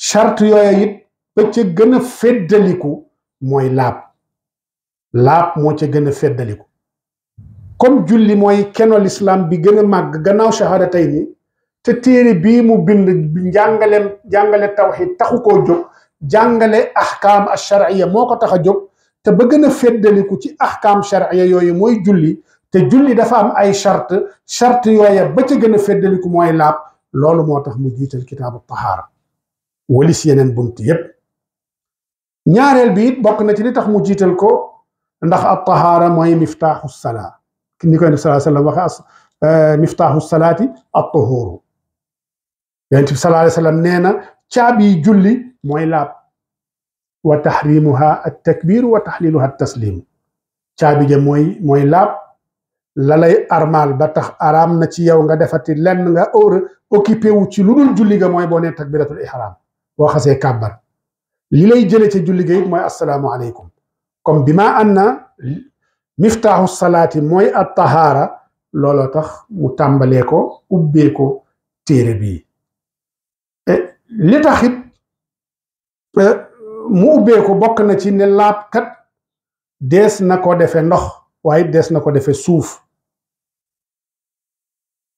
charte yooyu it ba ca gën a feddaliku mooy laab laab moo ci gën a feddaliku comme julli mooy keno lislaam bi gën a màgg gannaaw shahadatayni te téere bii mu bind jàngale njàngale tawxid taxu ko jóg jàngale ahkaam a sharciya moo ko tax a jóg te bëgg na féddaliku ci ahkam charia yoy moy julli te julli dafa am ay charte charte yoy ba ca gën a moy mooy lolu motax mu jital kitab at-tahara walis yenen bunt yeb ñaarel bi bok na ci li tax mu jital ko ndax ab tahaara mooy miftaaxu ki ni ko nabi sallallahu alayhi wasallam waxe miftaaxu salaati ab at yonent bi sallallahu alayhi wasallam nee na julli moy laab wa taxrimuha at takbiir wa taxliluha at taslim caabi ja mooy mooy laab la armaal ba tax araam na ci yow nga defati lenn nga óor occupé wu ci lu dul julli ga mooy boo nee takbiratul ihraam boo xasee kàbbar li lay jële ci julli ga it mooy assalaamu aleykum comme bi ma anna salaati mooy at tahaara looloo tax mu tàmbalee ko ubbee ko téere bii eh, li tax eh, mu ubbeeku bokk na ci ne laab kat dees na ko defe ndox waaye dees na ko defe suuf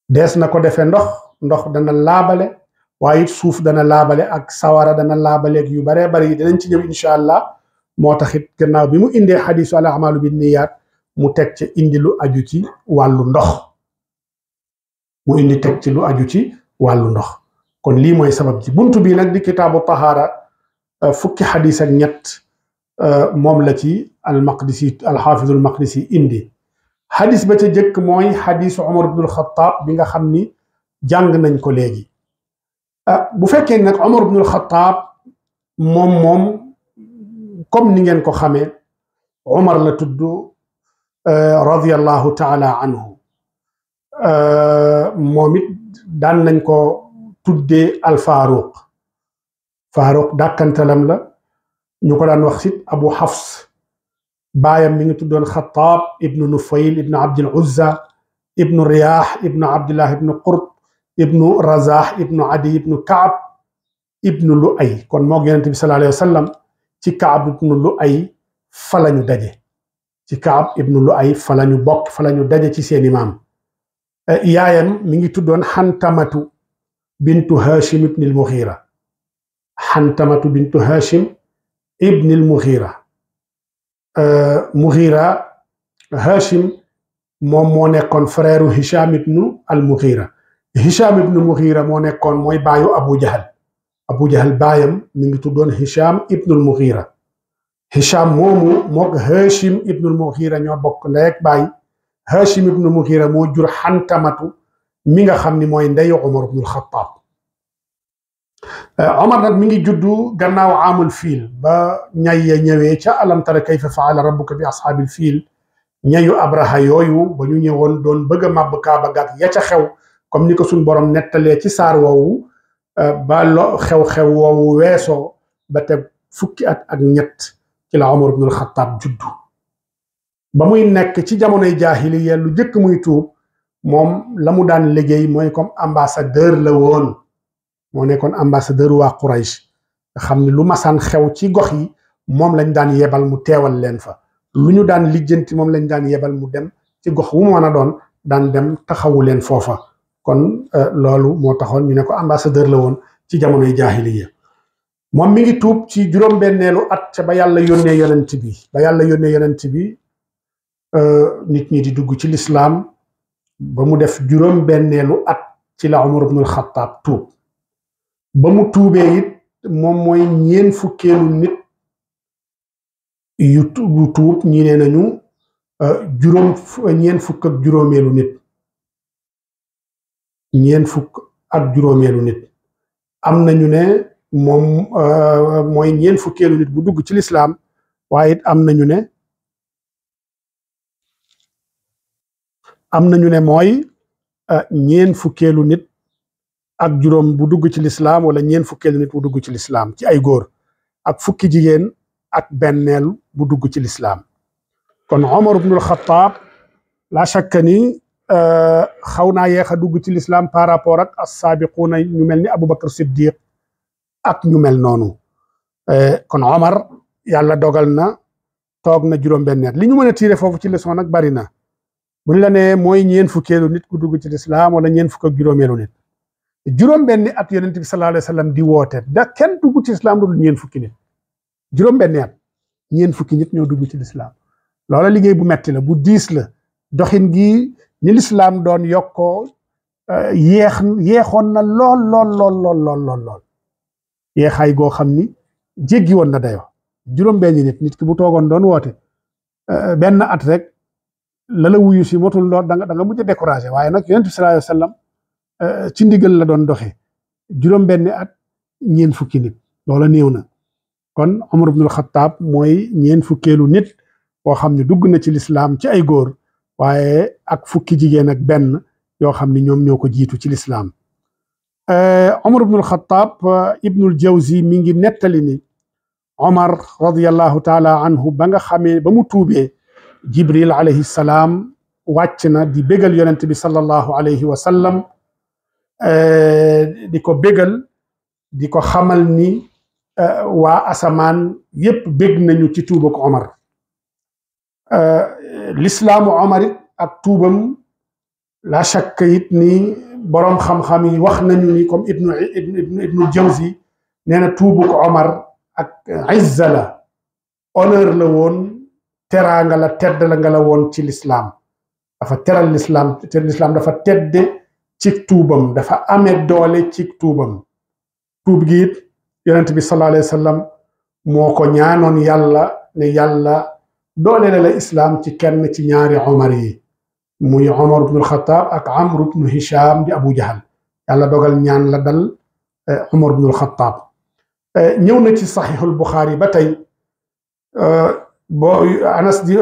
dees na ko defe ndox ndox dana laabale waaye suuf dana laabale ak sawara dana laabale ak yu baree bari yi danañ ci ñëw incha allah moo tax it gannaaw bi mu indee xadiisu al amalu bi niyaat mu teg ca indi aju ci wàllu ndox mu teg ci lu aju ci wàllu ndox kon lii mooy sabab ji buntu bii nag di kitaabu tahaara Euh, fukki xadis ak ñett euh, moom la ci almaqdisi alxaafidul maqdisi indi xadis ba ca jëkk mooy xadisu Omar ibnul Xataab bi nga xam ni jàng nañ ko léegi euh, bu fekkee nag Omar ibnul Xataab moom moom comme ni ngeen ko xamee Omar la tudd radiyallahu taala anhu moom it daan nañ ko tuddee alfaaruq فاروق داكنتلم لا نيوكو دان وخسيت ابو حفص بايام ميغي تودون خطاب ابن نفيل ابن عبد العزة ابن رياح ابن عبد الله ابن قرط ابن رزاح ابن عدي ابن كعب ابن لؤي كون موغ يونت صلى الله عليه وسلم تي كعب ابن لؤي فلا ني داجي تي كعب ابن لؤي فلا ني بوك فلا ني داجي تي سين امام يايام ميغي تودون حنتمتو بنت هاشم ابن المغيره حنتمة بنت هاشم ابن المغيرة آه مغيرة هاشم موم مو نيكون فريرو هشام بن المغيرة هشام بن المغيرة مو كون موي بايو ابو جهل ابو جهل بايم من تودون هشام ابن المغيرة هشام مومو موك هاشم ابن المغيرة ньо بوك ليك باي هاشم ابن المغيرة مو جور حنتمة ميغا خامني موي نديو عمر بن الخطاب Euh, Omar nag mi ngi juddu gannaaw amul fiil ba ñay ya ñëwee ca alam tara kayfa faala rabbuka bi ashaabil fiil ñayu abraha yooyu ba ñu ñëwoon doon bëgg màbb kaaba gàtt ya ca xew comme ni ko suñ borom nettalee ci saar woowu euh, ba lo xew-xew woowu weesoo ba teg fukki at ak ñett ci la Omar ibnul Xattaab juddu ba muy nekk ci jamonoy jaahiliya lu jëkk muy tuub moom la mu daan liggéey mooy comme ambassadeur la woon mo nekkon ambassadeur wa quraish xamni lu masan xew ci gox yi mom lañ daan yebal mu teewal len fa luñu daan lañ daan yebal mu dem ci gox wu mo na doon dem taxawu len fofa kon euh, lolu mo taxon ñu nekk ambassadeur la won ci jamono jahiliya mom mi ngi tuup ci juroom bennelu at ca ba yalla yonne yonent bi ba yalla yonne yonent bi euh, nit ñi di dugg ci l'islam ba mu def juroom bennelu at ci la Umar al-khattab tuup ba mu tuubee it moom mooy ñeen fukkeelu nit yu yu nañu euh, juróom ñeen fukk ak juróomeelu nit ñeen fukk ak juróomeelu nit am nañu ne moom euh, mooy ñeen fukkeelu nit bu dugg ci lislaam waaye it am nañu ne am nañu ne mooy euh, ñeen fukkeelu nit ak juróom bu dugg ci lislaam wala ñeen fukkeelu nit bu dugg ci lislaam ci ay góor ak fukki jigéen ak benneel bu dugg ci lislaam kon Omar ibnul Xataab la shakka ni xaw naa yeex a dugg ci lislaam par rapport ak assaabiquuna ñu mel ni Aboubacar Siddiq ak ñu mel noonu kon Omar yàlla dogal na toog na juróom benn li ñu mën a tiire foofu ci leçon nag bari na bu ñu la nee mooy ñeen fukkeelu nit ku dugg ci lislaam wala ñeen fukk ak juróomeelu nit juróom-benni at yonent bi sallallahu alayhi wa sallam di woote da kenn dugg ci islam lu ñeen fukki nit juróom-benni at ñeen fukki nit ñoo dugg ci lislaam loola liggéey bu metti la bu diis la doxin gi ni lislaam doon yokkoo eh, yéex yeexoon na lool lool lool lool lool lool lool yeexaay goo xam ni jéggi woon na dayoo juróom-benni nit nit ki bu toogoon doon woote eh, benn at rek la la wuyu si motul lool da nga da nga mujj a découragé waaye nag yonent bi sallallahu alayhi wa sallam Euh, ci ndigal la doon doxe juróom-benni at ñeen fukki nit loola néew na kon Omar ibnul Xattaab mooy ñeen fukkeelu nit boo xam ne dugg na ci lislaam ci ay góor waaye ak fukki jigéen ak benn yoo xam ni ñoom ñoo ko jiitu ci lislaam euh, Omar ibnul Xattaab euh, ibnul Jawzi mi ngi nettali ni Omar radiyallahu taala anhu ba nga xamee ba mu tuubee Jibril alayhi salaam wàcc na di bégal yonent bi sallallahu alayhi wa Eh, di ko bégal di ko xamal ni eh, waa asamaan yépp bég nañu ci tuubuk Omar eh, lislaamu Omar it ak tuubam la shakk it ni boroom xam-xam yi wax nañu ni comme ibnu ibnu ibnu tuubuk Omar ak izza la honneur la woon teraanga la tedd woon ci lislaam dafa teral lislaam lislaam dafa tedde ci tuubam dafa amee doole ci tuubam tuub gi it yonent bi sallallahu alayhi wa sallam moo ko ñaanoon yàlla ne yàlla doole la la islaam ci kenn ci ñaari omar yi muy omar ibnul xataab ak amr ibnu hisham di abu jahal yàlla dogal ñaan la dal eh, omar ibnul xataab eh, ñëw na ci saxiixul buxaari ba tey eh, bo anas di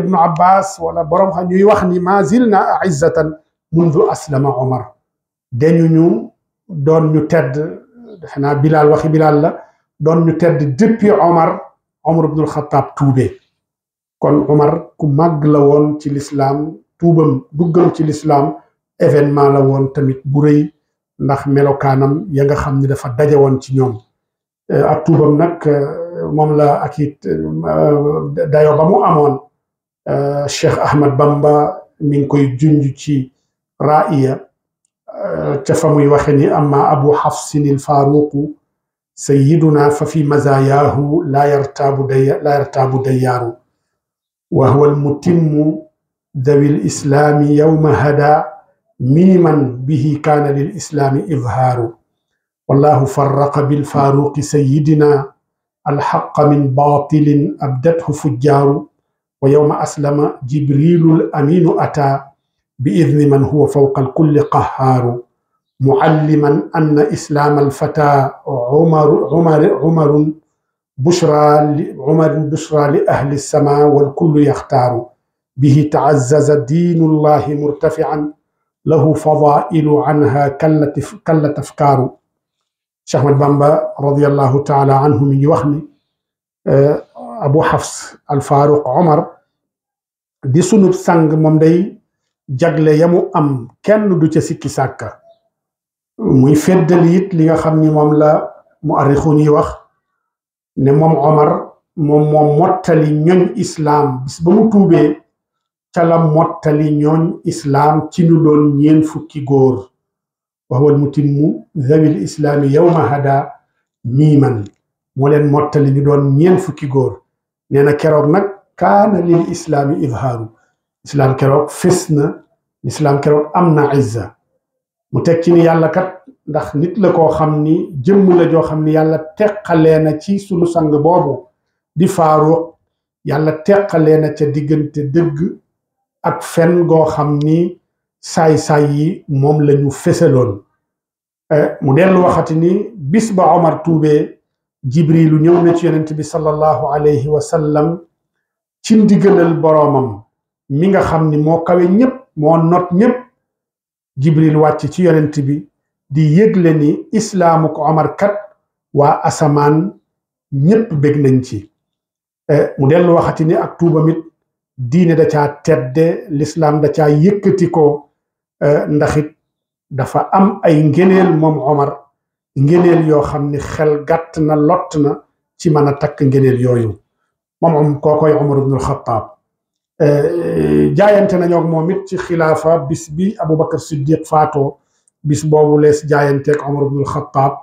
ibnu abbas wala borom xam ñuy wax ni ma zilna aizzatan منذ أسلم عمر dañu ñu doon ñu tedd xanaa Bilal waxi Bilal la doon ñu tedd depuis Omar Omar ibnul Xataab tuubee kon Omar ku màgg la woon ci lislaam tuubam duggam ci lislaam événement la woon tamit bu rëy ndax melokaanam ya nga xam ne dafa daje woon ci ñoom ak tuubam nag moom la ak it dayo ba mu amoon Cheikh Ahmad Bamba mi ngi koy junj ci رائية آه، تفهم وخني أما أبو حفص الفاروق سيدنا ففي مزاياه لا يرتاب دي لا يرتاب ديار وهو المتم ذوي الإسلام يوم هدى ميما به كان للإسلام إظهار والله فرق بالفاروق سيدنا الحق من باطل أبدته فجار ويوم أسلم جبريل الأمين أتى باذن من هو فوق الكل قهار معلما ان اسلام الفتى عمر عمر عمر بشرى عمر بشرى لاهل السماء والكل يختار به تعزز دين الله مرتفعا له فضائل عنها كلت افكار Cheikh بامبا رضي الله تعالى عنه من ngi آه، ابو حفص الفاروق عمر دي سنوب سانغ مومداي jagle yamu am kenn du ci sikki sàkka muy feddal it li nga xam ni moom la mu arrixuun yi wax ne moom omar moom moom mottali ñooñ islam bis ba mu tuubee ca la mottali ñooñ islam ci ñu doon ñeen fukki góor wa huwa almutimmu zawil islaami yawma hada miiman moo leen mottali ñu doon ñeen fukki góor nee na keroog nag kaana lil islaami idhaaru islaam keroog fés na islaam keroog am na izza mu teg ci ni yàlla kat ndax nit la koo xam ni la joo xam yàlla teqalee ci sunu sang boobu di faaruq yàlla teqalee na ca diggante dëgg ak fen goo xam ni saay-saay yi moom la ñu fésaloon mu dellu waxati ni bis ba omar tuubee jibrilu ñëw na ci yonent sallallahu alayhi wa sallam ci ndigalal boroomam mi nga xam ni moo kawe ñépp moo not ñépp jibril wàcc ci yonent bi di yëgle ni islaamu ko omarkat waa asamaan ñépp bég nañ ci eh, mu dellu waxati ni ak tuubamit diine da caa tedde lislaam da caa yëkkati ko eh, ndaxit dafa am ay ngeneel moom omar ngeneel yoo xam ni xel gàtt na lot na ci mën a takk ngeneel yooyu moom am kookoy omar ibnul xataab Eh, eh, jaayante nañoo moom it ci xilaafa bis bi Aboubacar Siddiq faatoo bis boobu lees jaayanteeg Omar ibnul Xattaab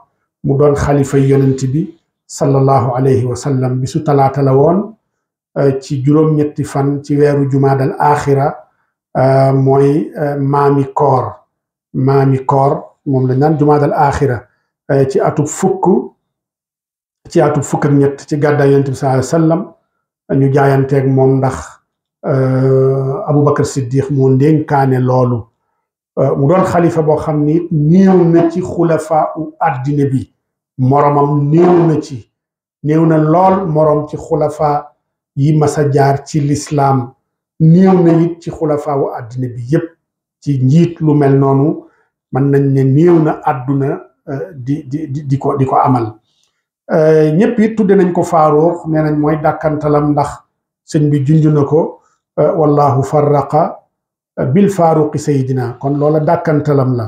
mu doon xalifa yonent bi sallallahu alayhi bisu talaata eh, ci juróom fan ci weeru jumaadal axira mooy maami koor moom lañ naan jumaadal axira ci atub ci atub fukk ak ñett ci gàddaay moom ndax. Euh, Aboubacar Siddiq moo ndénkaane loolu euh, mu doon xalifa boo xam ni néew na ci xulafaa u addina bi moroomam néew na ci néew na lool moroom ci xulafaa yi masa jaar ci lislaam néew na it ci xulafaa wu addina bi yépp ci njiit lu mel noonu mën nañ ne néew na àdduna euh, di di di ko di ko amal ñépp it tudde nañ ko Faaruux nee nañ mooy dàkkantalam ndax sëñ bi junj na ko Eh, wallahu farraqa eh, bil faaruqi sayidina kon loola dàkkantalam la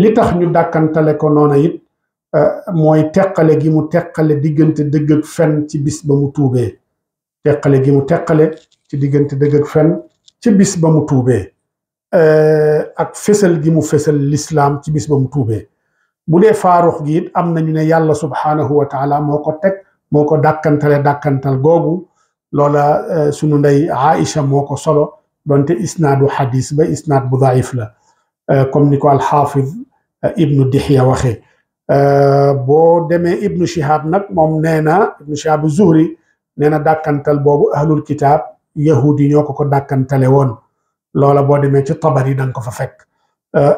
li tax ñu dakkantale ko noona it eh, mooy teqale gi mu teqale diggante dëgg ak fen ci bis ba mu tuubee teqale gi mu teqale ci diggante dëgg ak fen ci bis ba mu tuubee ak fésal gi mu fésal lislaam ci bis ba mu tuubee bu dee faarux gi it am nañu ne yàlla subhaanahu wa moo ko teg moo ko dàkkantale dàkkantal googu لولا آه، سنن عائشه موكو صلو دونت اسناد حديث با اسناد ضعيف لا آه، كوم نيكو الحافظ آه، ابن دحيه وخي بو دمي ابن شهاب نك موم نينا ابن شهاب الزهري نينا بو بوبو اهل الكتاب يهودي نيوكو كو داكانتالي وون لولا بو ديمي تي طبري دنكو فا فك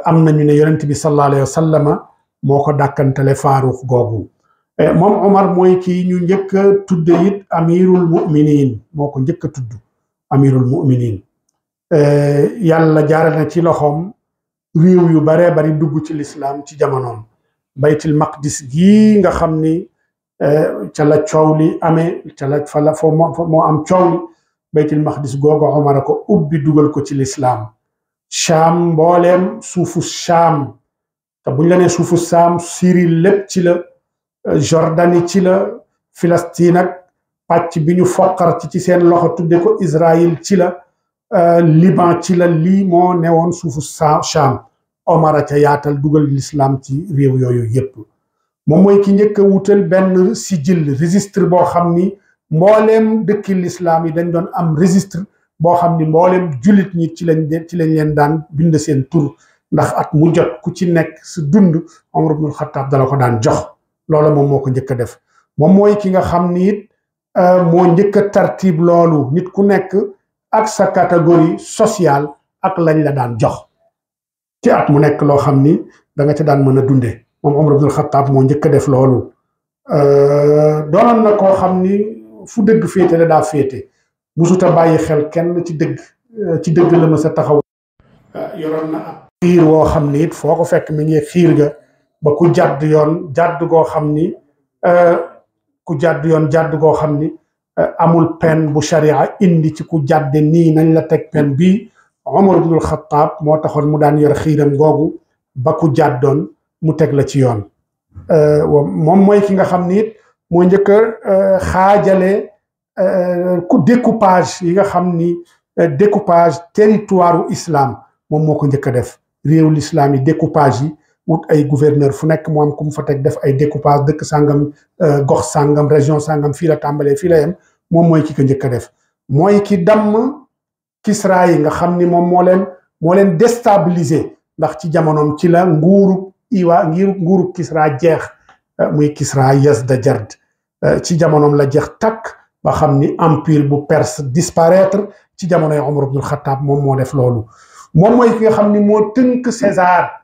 امنا ني يونتبي صلى الله عليه وسلم موكو داكانتالي فاروق غوغو mom Omar moy ki ñu ñëk tudde yit amirul muminin moko ñëk tudd amirul muminin euh yàlla jaaral na ci loxom réew yu bare bare dugg ci l'islam ci jamonoom baytul maqdis gi nga xamni euh ca la coow amé amee la fa la fo mo am coow baytul maqdis gogo Omar ko ubbi duggal ko ci l'islam sham mbooleem sufu sham ta buñ la né sufu sham Syrie lépp ci la jordani ci la Palestine ak pàcc bi ñu fokkar ci ci seen loxo tudde ko Israël ci la Liban ci la lii moo newoon suufu Sham Omar a ca yaatal dugal l'islam ci réew yooyu yépp moom mooy ki njëkk wutal benn sigil registre boo xam ni mbooleem dëkki l'islam yi dañ doon am registre boo xam ni mbooleem jullit ñi ci lañ ci lañ leen daan bind seen tur ndax at mu jot ku ci nekk su dund Omar ibnul Xattaab dala ko daan jox loola moom moo ko njëkk a def moom mooy ki nga xam ni it euh, moo njëkk a tartib loolu nit ku nekk ak sa catégorie sociale ak lañ la daan jox ci at mu nekk loo xam ni danga nga ca daan mën a dundee moom Omar ibn Khattab moo njëkk a def loolu euh, doonoon na koo xam ni fu dëgg féete la daa féete musuta bàyyi xel kenn ci dëgg euh, ci dëgg la ma sa taxaw yoroon na ab xiir woo xam ni it foo ko fekk mi ngi xiir ga ba ku jàdd yoon jàdd goo xam ni euh, ku jàdd yoon jàdd goo xam ni euh, amul peine bu sharia indi ci ku jàdde nii nañ la teg peine bii Omar ibnul Xataab moo taxoon mu daan yor xiiram googu ba ku jàddoon mu teg la ci yoon euh, moom mooy ki nga xam ni it moo njëkk a xaajale ku découpage yi nga xam ni découpage territoire u islam moom moo ko njëkk a def réewu l'islam yi découpage yi wut ay gouverneur fu nekk mu am kum fa teg def ay découpage dëkk sangam euh, gox sangam région sangam fii la tàmbalee fii la yem moom mooy ki ko njëkk a def mooy ki damm kisra yi nga xam ni moom moo leen moo leen déstabiliser ndax ci jamonoom ci la nguuru iwa ngir nguurub kisra jeex euh, muy kisra Yazdajerd euh, ci jamonoom la jeex tak ba xam ni empire bu perse disparaître ci jamonoy Omar ibnul Xattaab moom moo def loolu moom mooy ki nga xam ni moo tënk César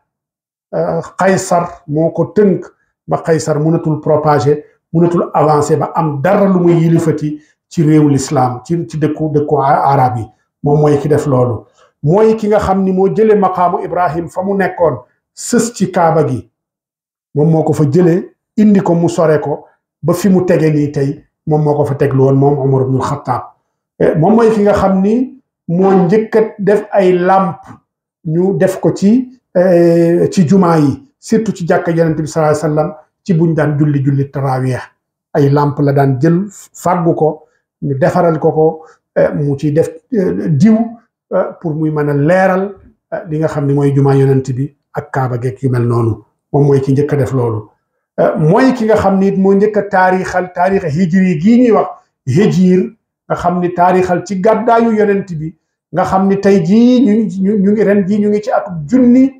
Qaysar moo ko tënk ba Qaysar mënatul propager mënatul avancer ba am dara lu muy yilifati ci réewu l'islam ci ci dëkku dëkku arab yi moom mooy ki def loolu mooy ki nga xam ni moo jëlee maqaamu Ibrahim fa mu nekkoon sës ci kaaba gi moom moo ko fa jëlee indi ko mu sore ko ba fi mu tege nii tey moom moo ko fa teglu woon moom Omar ibnul Xataab moom mooy ki nga xam ni moo njëkkat def ay làmp ñu def ko ci Eh, ci jumaa yi surtout ci jàkka yonent bi sallallahu alayhi wasallam ci buñ daan julli julli taraawiya ay lamp la daan jël fàggu ko ñu defaral ko ko eh, mu ci def eh, diw pour muy mën a leeral li nga xam ne mooy jumaa yonent bi ak kaaba geek yu mel noonu moom mooy ki njëkk a def loolu mooy ki nga xam ni it moo njëkk a taarixal taarixa hijri gii ñuy wax hijir nga xam ni taarixal ci gàddaayu yonent bi nga xam ni tey jii ñu ñu ngi ren jii ñu ngi ci atum junni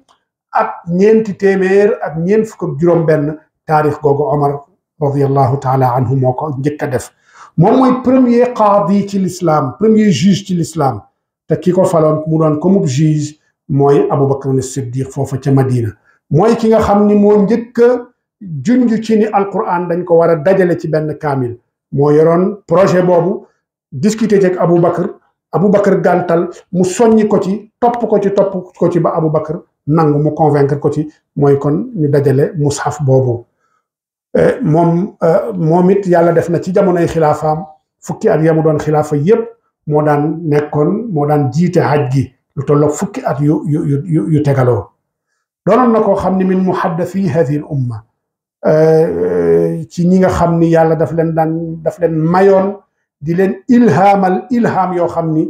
ak ñeenti téeméer ak ñeent fukk ak juróom-benn taarix googu Omar radiallahu taala anhu moo ko njëkk a def moom mooy premier qaadi ci l'islam premier juge ci l'islam te ki ko faloon mu doon comme juge mooy Aboubacar ne Siddiq foofa ca Madina mooy ki nga xam ni moo njëkk a junj ci ni Alquran dañ ko war a dajale ci benn kaamil moo yoroon projet boobu discuter ceeg Aboubacar Aboubacar gàntal mu soññi ko ci topp ko ci topp ko ci ba Aboubacar nangu mu convaincre ko ci moy kon ñu dajale mushaf bobu mom momit yàlla def na ci jamono xilaafaam fukki at yamu don khilafa yeb mo dan nekkon mo dan jite hajji lu tolloog fukki at yu yu yu tegalo tegaloo doonoon na koo xam min muhaddathi hadhihi al umma ci ñi nga xamni yàlla daf len dan daf len mayon di len ilhaamal ilhaam yoo xam ni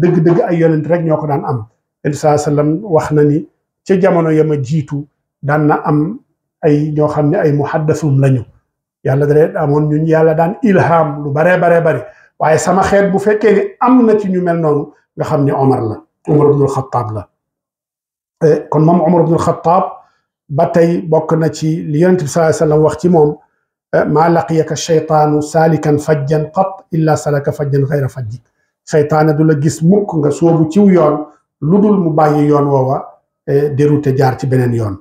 deug degg ay yonent rek ñoko dan am nabi saa sallam wax na ni ca jamono ya ma jiitu na am ay ñoo xam ne ay muhaddasun lañu yàlla dare amoon ñun yàlla daan ilham lu baree baree bari waaye sama xeet bu fekkee ni am ci ñu mel noonu nga xam Omar la Omar ibnul Xataab la kon moom Omar ibnul Xataab ba tey bokk na ci li yonente bi saa sallam wax ci moom maa laqiyaka shaytaanu saalikan fajjan qat illa salaka fajjan xayra fajjik shaytaana du la gis mukk nga soobu ludul mu bàyyi yoon wowa dérouté jaar ci beneen yoon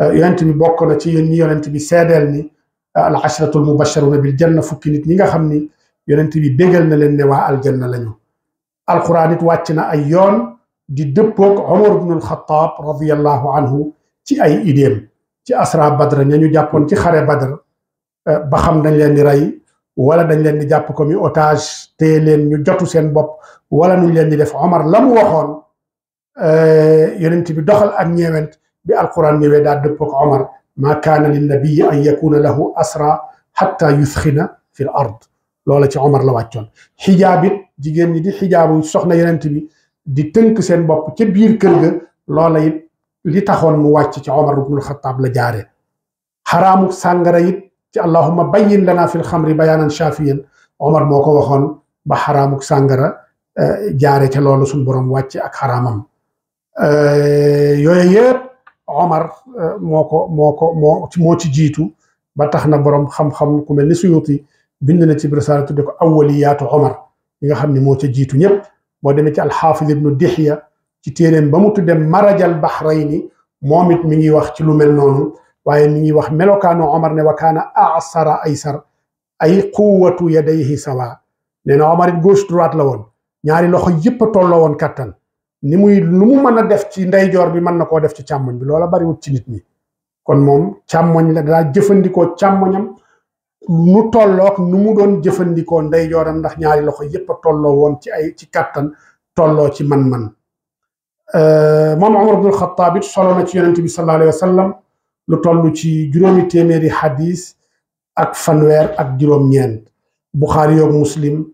yonent bi bokk na ci yon ñi yonent bi seedeel ni al ashratul mubasharuna bil janna fukki nit ñi nga xam ni yonent bi bégal na leen ne waa janna lañu al quran it wàcc na ay yoon di dëppoog omar al khattab radiallahu anhu ci ay idéem ci asra badra ña ñu jàppoon ci xare badr ba xam dañ leen di rey wala dañ leen di jàpp comme otage téye leen ñu jotu seen bopp wala nuñ leen di def omar la mu waxoon يونتي بي دخل اك نيوانت بي القران نيوي دا دبوك عمر ما كان للنبي ان يكون له اسرى حتى يثخن في الارض لولا تي عمر لا واتيون حجاب جيجين ني دي حجاب سخنا يونتي بي دي تنك سين بوب تي بير كيرغا لولا يت لي تاخون مو واتي تي عمر بن الخطاب لا جاري حرام سانغرا يت تي اللهم بين لنا في الخمر بيانا شافيا عمر موكو واخون با حرام سانغرا جاري تي لولا سون بروم واتي اك حرامم Eh, yooyu yëpp Omar eh, moo ko moo ko moo moo ci jiitu ba tax na borom xam-xam ku mel ni Suyuti bind na ci risaala tudde ko awwaliyaatu Omar yi nga xam ne moo ci jiitu ñëpp boo demee ci alxaafid ibnu Dihya ci téeréem ba mu tudde marajal bahrayni moom it mi ngi wax ci lu mel noonu waaye mi ngi wax melokaanu Omar ne wa kaana ay aysar ay quwwatu yadayhi sawa nee na Omar it la woon ñaari loxo yëpp tollo woon kattan ni muy lu mu mën a def ci ndeyjoor bi mën na koo def ci càmmoñ bi loola bariwut ci nit ñi kon moom càmmoñ la daa jëfandikoo càmmoñam nu tollook nu mu doon jëfandikoo ndeyjooram ndax ñaari loxo yépp a tolloo woon ci ay ci kàttan tolloo ci man-man euh, moom Umar ibnul Xattaab solo na ci yonent bi sallallahu alayhi wa lu toll ci juróomi téeméeri hadis ak fanweer ak juróom-ñeent Buxaari yoog Muslim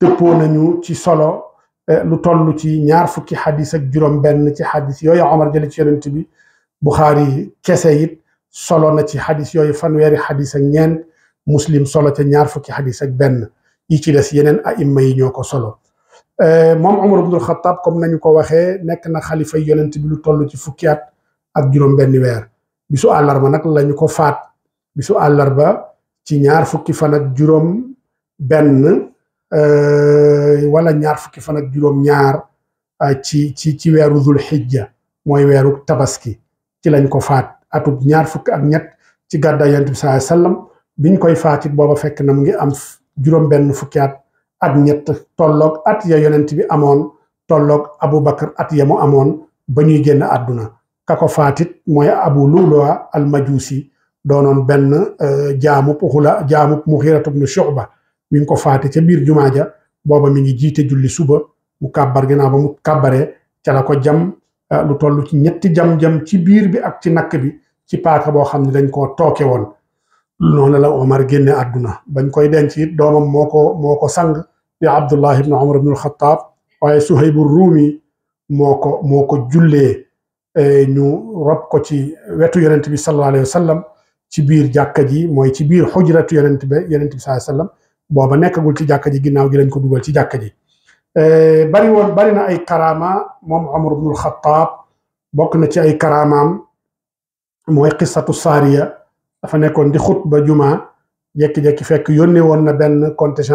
dëppoo nañu ci solo lu tollu ci ñaar fukki hadith ak juróom-benn ci hadith yooyu Omar jële ci yonent bi bukhari kese it solo na ci xadis yooyu fanweeri hadith ak ñeent muslim solo ca ñaar fukki hadith ak benn yi ci des yeneen aimma yi ñoo ko solo. moom Omar ibnul khattab comme nañu ko waxee nekk na xalifa yonent bi lu tollu ci fukki at ak juróom-benn weer bisu àllarba nag lañu ko faat bisu àllarba ci ñaar fukki fan ak juróom-benn. Eh, wala ñaar fukki fan ak juroom ñaar ah, ci ci ci wéru zul hijja moy wéru tabaski ci lañ ko faat atub ñaar fukki ak ñet ci gadda yantu sallallahu alayhi wasallam biñ koy faati booba fekk na mu ngi am juroom benn fukki at ak ñet tolloog at ya yonent bi amon tolloog abu bakar at ya mo amon bañuy genn aduna kako ka ko faatit abu luloa al majusi donon benn eh, jamu pukhula jamu muxiratu bnu mi ko faate ca biir jumaa ja booba mi ngi jiite julli suba mu kàbbar ginnaaw ba mu kàbbaree ca la ko jam ah, lu toll ci ñetti jam-jam ci biir bi ak ci nakk bi ci paaka boo xam ne dañ koo tooke woon noonu la Omar génne àdduna bañ koy denc it doomam moo ko moo ko sang di Abdullah ibn Omar ibn al-Khattab waaye Suhaybu Ruumi moo ko moo ko jullee eh, ñu rob ko ci wetu yonent bi sallallahu alayhi wa sallam ci biir jàkka ji mooy ci biir xujratu yonent bi yonent bi sallallahu alayhi wa sallam booba nekkagul ci jàkka ji ginnaaw gi lañ ko dugal ci jàkka ji bari woon bari na ay karaama moom Omar ibnul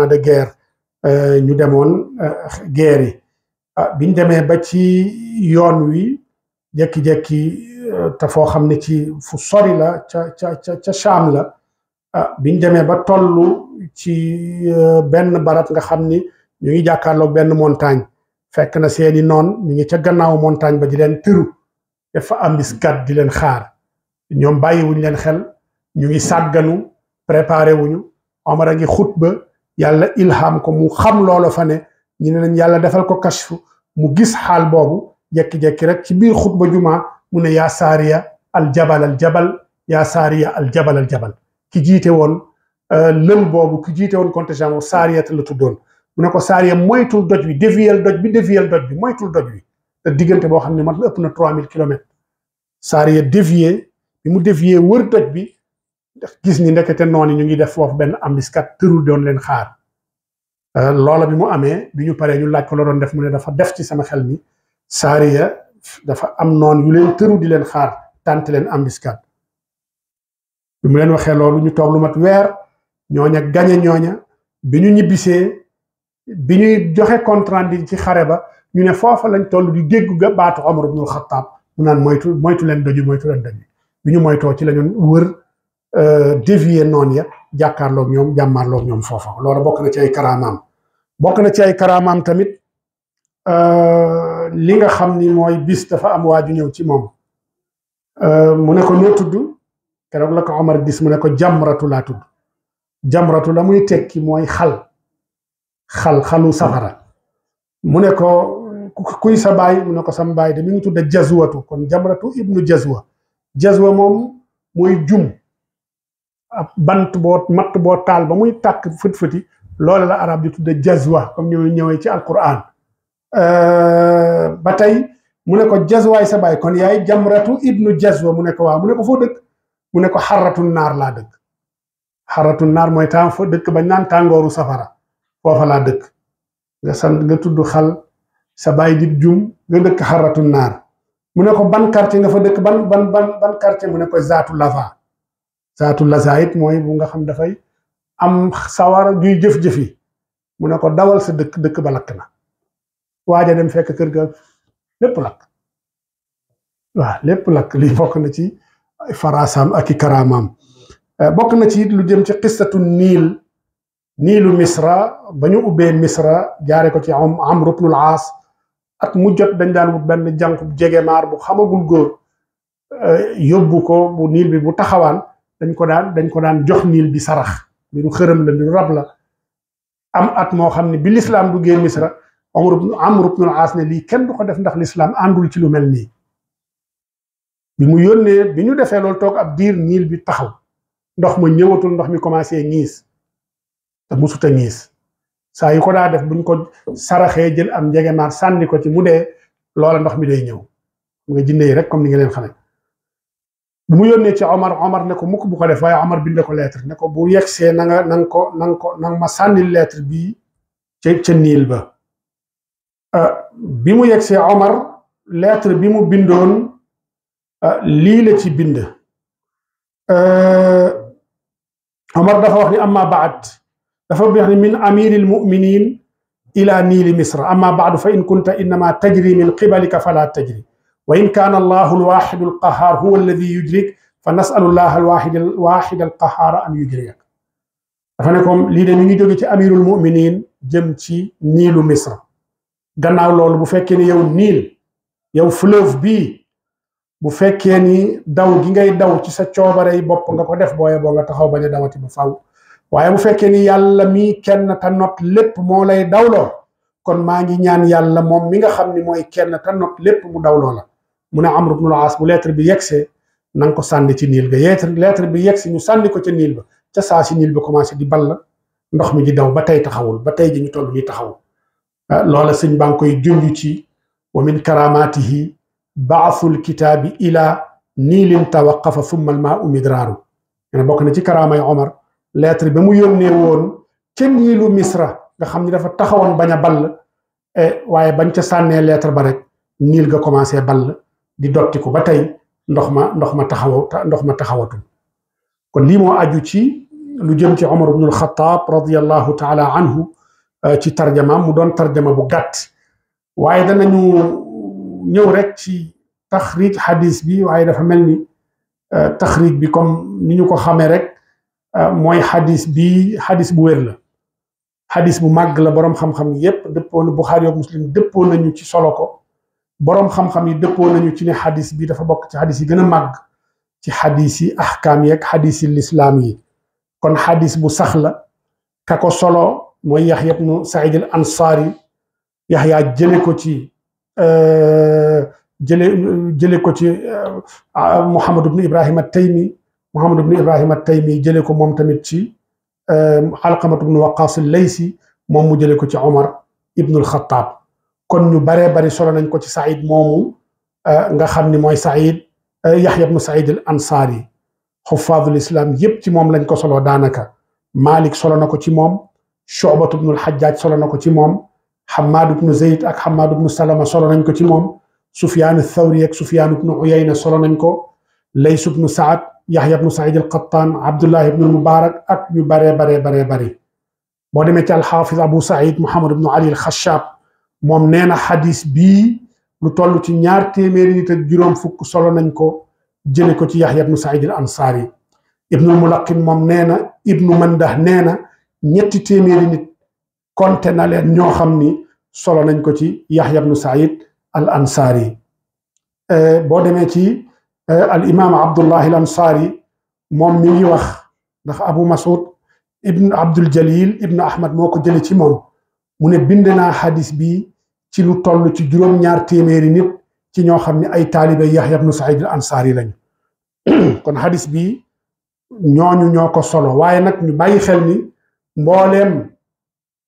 de guerre ñu demoon guerre yi biñ demee ba ci yoon wi jekki-jekki ci euh, benn barab nga xam ni ñu ngi jàkkaarlook benn montagne fekk na seeni noon ñu ngi ca gannaaw montagne ba di leen tëru dafa am biskat di leen xaar ñoom bàyyiwuñ leen xel ñu ngi sàgganu préparé wuñu Omar a ngi xutba yàlla ilham ko mu xam loolo fa ne ñu ne nañ yàlla defal ko kashfu mu gis xaal boobu jekki-jekki rek ci biir xutba jumaa mu ne yaa saariya al jabal al jabal yaa saariya al jabal jabal ki jiite woon lëm boobu ki jiite woon contingent moom saariyat la tuddoon mu ne ko saariya moytul doj bi déviel doj bi déviel doj bi moytul doj bi te diggante boo xam ne mat la ëpp na 3000 mille kilomètres saariya dévié bi mu dévié wër doj bi gis ni ndekete noonu ñu ngi def foofu benn embuscade tëru doon leen xaar loola bi mu amee bi ñu paree ñu laaj ko la doon def mu ne dafa def ci sama xel ni saariya dafa am noon yu leen tëru di leen xaar tànt leen embuscade bi mu leen waxee loolu ñu toog lu mat weer ñooña gañe ñooña bi ñu ñibbisee bi ñuy joxe contrant di ci xare ba ñu ne foofa lañ toll di dégg ga baatu Omar ibnul Xattaab mu naan moytu moytu leen doju moytu leen bi ñu moytoo ci la ñu wër euh, dévier noon ya jàkkaarloog ñoom jàmmaarloog ñoom foofa loolu bokk na ci ay karaamaam bokk na ci ay karaamaam tamit euh, li nga xam ni mooy bis dafa am waaju ñëw ci moom euh, mu ne ko noo tudd keroog la ko Omar gis mu ne ko jàmratu laa tudd jamratu la muy tekki mooy xal xal xalu safara mu ne kuy sa baay mu ne ko sam baay de mi ngi tudda jazwatu kon jamratu ibnu jazwa jazwa moom mooy jum ab bant boo matt boo taal ba muy tàkk fët loole la arab di tudda jazwa comme ñëw ñëwee ci alquran euh, ba tey mu nekko ko jazwaay sa baay kon yaay jamratu ibnu jazwa mu ne ko waaw mu ne ko foo dëkk mu nekko ko xarratu naar laa dëkk xaratu naar mooy temps fa dëkk bañ naan tàngooru safara foofa laa dëkk nga sa nga tudd xal sa baay di jum nga dëkk xaratu naar mu ne ko ban quartier nga fa dëkk ba ban ban ban quartier mu ne ko zaatu lafa zaatu lafa it mooy bu nga xam dafay am sawara juy jëf jëfi mu ne ko dawal sa dëkk ba lakk na waaja dem fekk kër ga lépp lakk lépp lakk lii bokk na ci faraasam ak i karaamaam Euh, bokk na ci it lu jëm ci qissatu niil niilu misra ba ñu ubbee misra jaare ko ci am amru bnul aas at mu jot dañ daan wut benn jànq jege maar bu xamagul góor euh, yóbbu ko bu niil bi bu taxawaan dañ ko daan dañ ko daan jox niil bi sarax mbiru xërëm la mbiru rab la am at moo xam ne bi lislaam duggee misra amru amru bnul aas ne lii kenn du ko def ndax lislaam àndul ci lu mel nii bi mu yónnee bi ñu defee loolu toog ab diir niil bi taxaw ndox ma ñëwatul ndox mi commencé ñiis te musut a saa yu ko daa def buñ ko saraxee jël am njegemaat sànni ko ci mu dee loola ndox mi day ñëw mu nga jinne yi rek comme ni nga leen xamee bu mu yónnee ci Omar Omar ne ko mukk bu ko def waaye Omar bind ko lettre ne ko bu yegsee na nga na nga ko na nga ko na nga ma sànni lettre bii ca ca niil ba euh, bi mu yegsee Omar lettre bi mu bindoon euh, lii la ci bind euh, عمر دا فاخني اما بعد دا فبيخني يعني من امير المؤمنين الى نيل مصر اما بعد فان كنت انما تجري من قبلك فلا تجري وان كان الله الواحد القهار هو الذي يجريك فنسال الله الواحد الواحد القهار ان يجريك فنكم لي دا نيجي جوغي امير المؤمنين جيم تي نيل مصر غناو لول بو فكني يو نيل يو فلوف بي bu fekkee ni daw gi ngay daw ci sa coobare yi bopp nga ko def booye boo nga taxaw bañ a dawati ba faw waaye bu fekkee ni yàlla mii kenn te not lépp moo lay dawloo kon maa ngi ñaan yàlla moom mi nga xam ni mooy kenn te not lépp mu dawloo la mu ne Amru bnul Aas bu lettre bi yegsee na nga ko sànni ci niil ga yetre lettre bi yegsi ñu sànni ko ca niil ba ca saa si niil ba commencé di ball ndox mi di daw ba tey taxawul ba tey ji ñu toll nii taxawul ah, loola sëñ baa ngi koy junj ci wa min karaamatihi baasul kitaabi ila niilin tawaqafa summa al maa umidraaru ne bokk na ci karaamay Omar lettre ba mu yónnee woon ca niilu Misra nga xam ni dafa taxawoon bañ a ball e, waaye bañ ca sànnee lettre ba rek niil nga commencé ball di ko ba tey ndox ma ndox ma taxaw ndox ma taxawatul kon lii moo aju ci lu jëm ci Omar ibnul Xataab radiyallahu taala anhu e, ci tarjama mu doon tarjama bu gàtt waaye danañu. ñëw rek ci taxrij xadis bi waaye dafa mel ni euh, taxrij bi comme ni ñu ko xamee rek euh, mooy xadis bi xadis bu wér la xadis bu màgg la boroom xam-xam yépp dëppoo na Buxaari ak Muslim nañu ci solo ko boroom xam-xam yi dëppoo nañu ci ne xadis bi dafa bokk ci xadis yi gën a màgg ci xadis yi ahkaam yi ak xadis yi lislaam yi kon xadis bu sax la ka ko solo mooy Yaxya ibnu Saïd al Ansaari Yaxya jële ko ci Euh, jële jële ko ci euh, ah, Muhammad ibn Ibrahima Taymi Muhammad ibn Ibrahima Taymi jële ko moom tamit ci euh, Alqamat ibn Waqaas al-Laysi moom mu jële ko ci Omar ibn al-Khattab kon ñu baree bari solo nañ ko ci Saïd moomu nga xam ni mooy Saïd Yaxya ibn Saïd al-Ansaari xufaadul islam yépp ci moom lañ ko solo daanaka Malik solo na ko ci moom Shu'batu ibn al-Hajjaj solo na ko ci moom Hammad ibn Zayd ak Hammad ibn Salama solo nañ ko ci moom Sufyan Thawri ak Sufyan ibn Uyayna solo nañ ko Lays ibn Saad Yahya ibn Saïd al-Qattan Abdullah ibn Mubarak ak ñu bare bare bare bare boo demee ci al-Hafiz Abu Saïd Muhammad ibn Ali al-Khashab moom nee na xadis bii lu toll ci ñaar téeméeri nit ak juróom fukk solo nañ ko jële ko ci Yahya ibn Saïd al-Ansari Ibnul Mulaqin moom nee na Ibnu Mandah nee na ñetti téeméeri nit konte na leen ñoo xam ni solo nañ ko ci Yaxya bnu Saïd al Ansaari eh, boo demee ci eh, al imaam Abdullahi al Ansaari moom mi ngi wax ndax Abu Masud ibn Abdul Jalil ibn Ahmad moo ko jëlee ci moom mu ne bind naa xadis bi ci lu toll ci juróom-ñaar téeméeri nit ci ñoo xam ni ay taalibe Yaxya bnu Saïd al Ansaari lañu <clears throat> kon xadis bi ñooñu ñoo ko solo waaye nag ñu bàyyi xel ni mbooleem.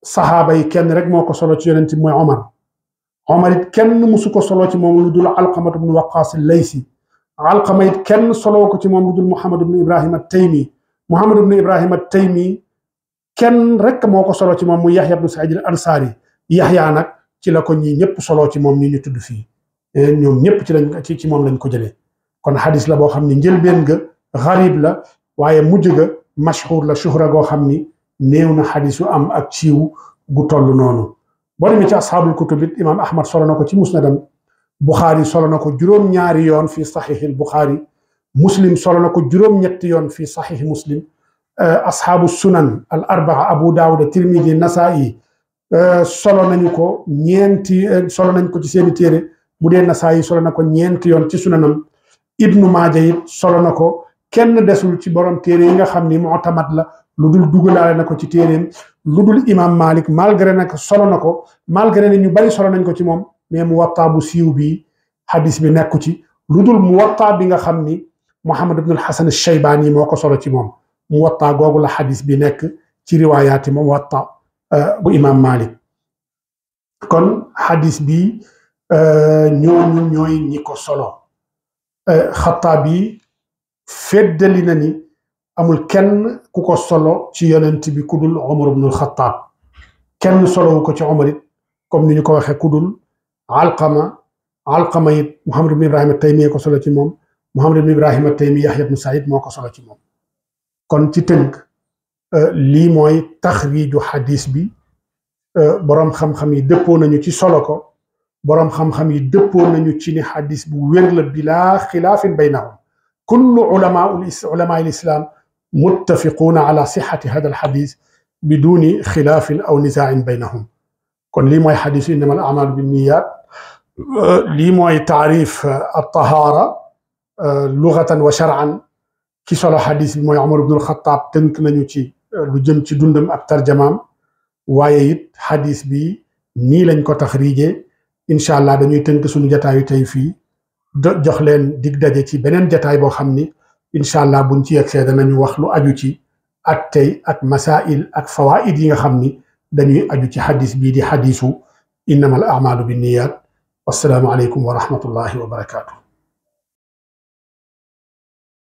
saxaaba yi kenn rek moo ko solo ci yonent bi mooy omar omar it kenn musu solo ci moom lu dul alqamatu bnu waqaas laysi alqama kenn soloo ko ci moom lu dul muhammad ibrahim ibrahima taymi muhammad ibrahim ibrahima taymi kenn rek moo ko solo ci moom mu yaxya bnu saïd al ansaari yaxya nag ci la ko ñi ñëpp solo ci moom ñi ñu tudd fii ñoom ñëpp ci lañ ci ci moom lañ ko jëlee kon xadis la boo xam ni njëlbeen ga xarib la waaye mujj mashhur la shuhra goo xam néew na xadis yu am ak siiw gu toll noonu boo demee ci asxaabul kutub it imaam Ahmad solo na ko ci musnadam Buxaari solo na ko juróom-ñaari yoon fii saxiixil Buxaari muslim solo na ko juróom-ñetti yoon fii saxiix muslim eh, asxaabu sunan al arbaa Abu Daawuda Tirmidi Nasaa'i eh, solo nañu ko ñeenti eh, solo nañ ko ci seeni téere bu dee Nasaa'i solo na ko ñeenti yoon ci sunanam Ibnu Maaja it solo na ko kenn desul ci borom téere yi nga xam ni mu'tamad la lu dul dugalaale na ko ci téeréem lu dul imam Malik malgré nag solo na ko malgré ñu bari solo nañ ko ci moom mais muwatta bu siiw bi hadis bi nekku ci lu dul muwatta bi nga xam ni Muhammad ibn al-Hasan al-Shaybani moo ko solo ci moom muwatta googu la hadis bi nekk ci riwaayaati muwatta euh, bu imam Malik kon hadis bi euh, ñooñu ñooy ñi ko solo euh, Xattaabi feddali na ni. amul kenn ku ko solo ci yonent bi kudul umar ibn al-khattab kenn solo ko ci umar comme niñu ko waxe kudul alqama alqama yi muhammad ibn ibrahim taymi ko solo ci mom muhammad ibn ibrahim taymi yahya ibn saïd moko solo ci mom kon ci teunk li moy taxriiju hadith bi borom xam-xam yi dëppoo nañu ci solo ko borom xam-xam yi dëppoo nañu ci ni hadith bu wér la bila khilafin bainahum كل علماء ulama al متفقون على صحة هذا الحديث بدون خلاف أو نزاع بينهم كن لي موي حديث إنما الأعمال بالنيات آه، لي موي تعريف آه، الطهارة آه، لغة وشرعا كي صلو حديث موي عمر بن الخطاب تنك من لو جيم تي دوندم اب ترجمام وايي حديث بي ني لنج كو تخريجي ان شاء الله دا نيو تنك سونو جتاي في جوخ لين ديك داجي تي بنين جتاي بو ان شاء الله بون تي يكسي دا نانيو واخ لو اديو تي اك تاي اك مسائل اك فوائد ييغا خامني دا نيو تي حديث بي دي حديثو انما الاعمال بالنيات والسلام عليكم ورحمه الله وبركاته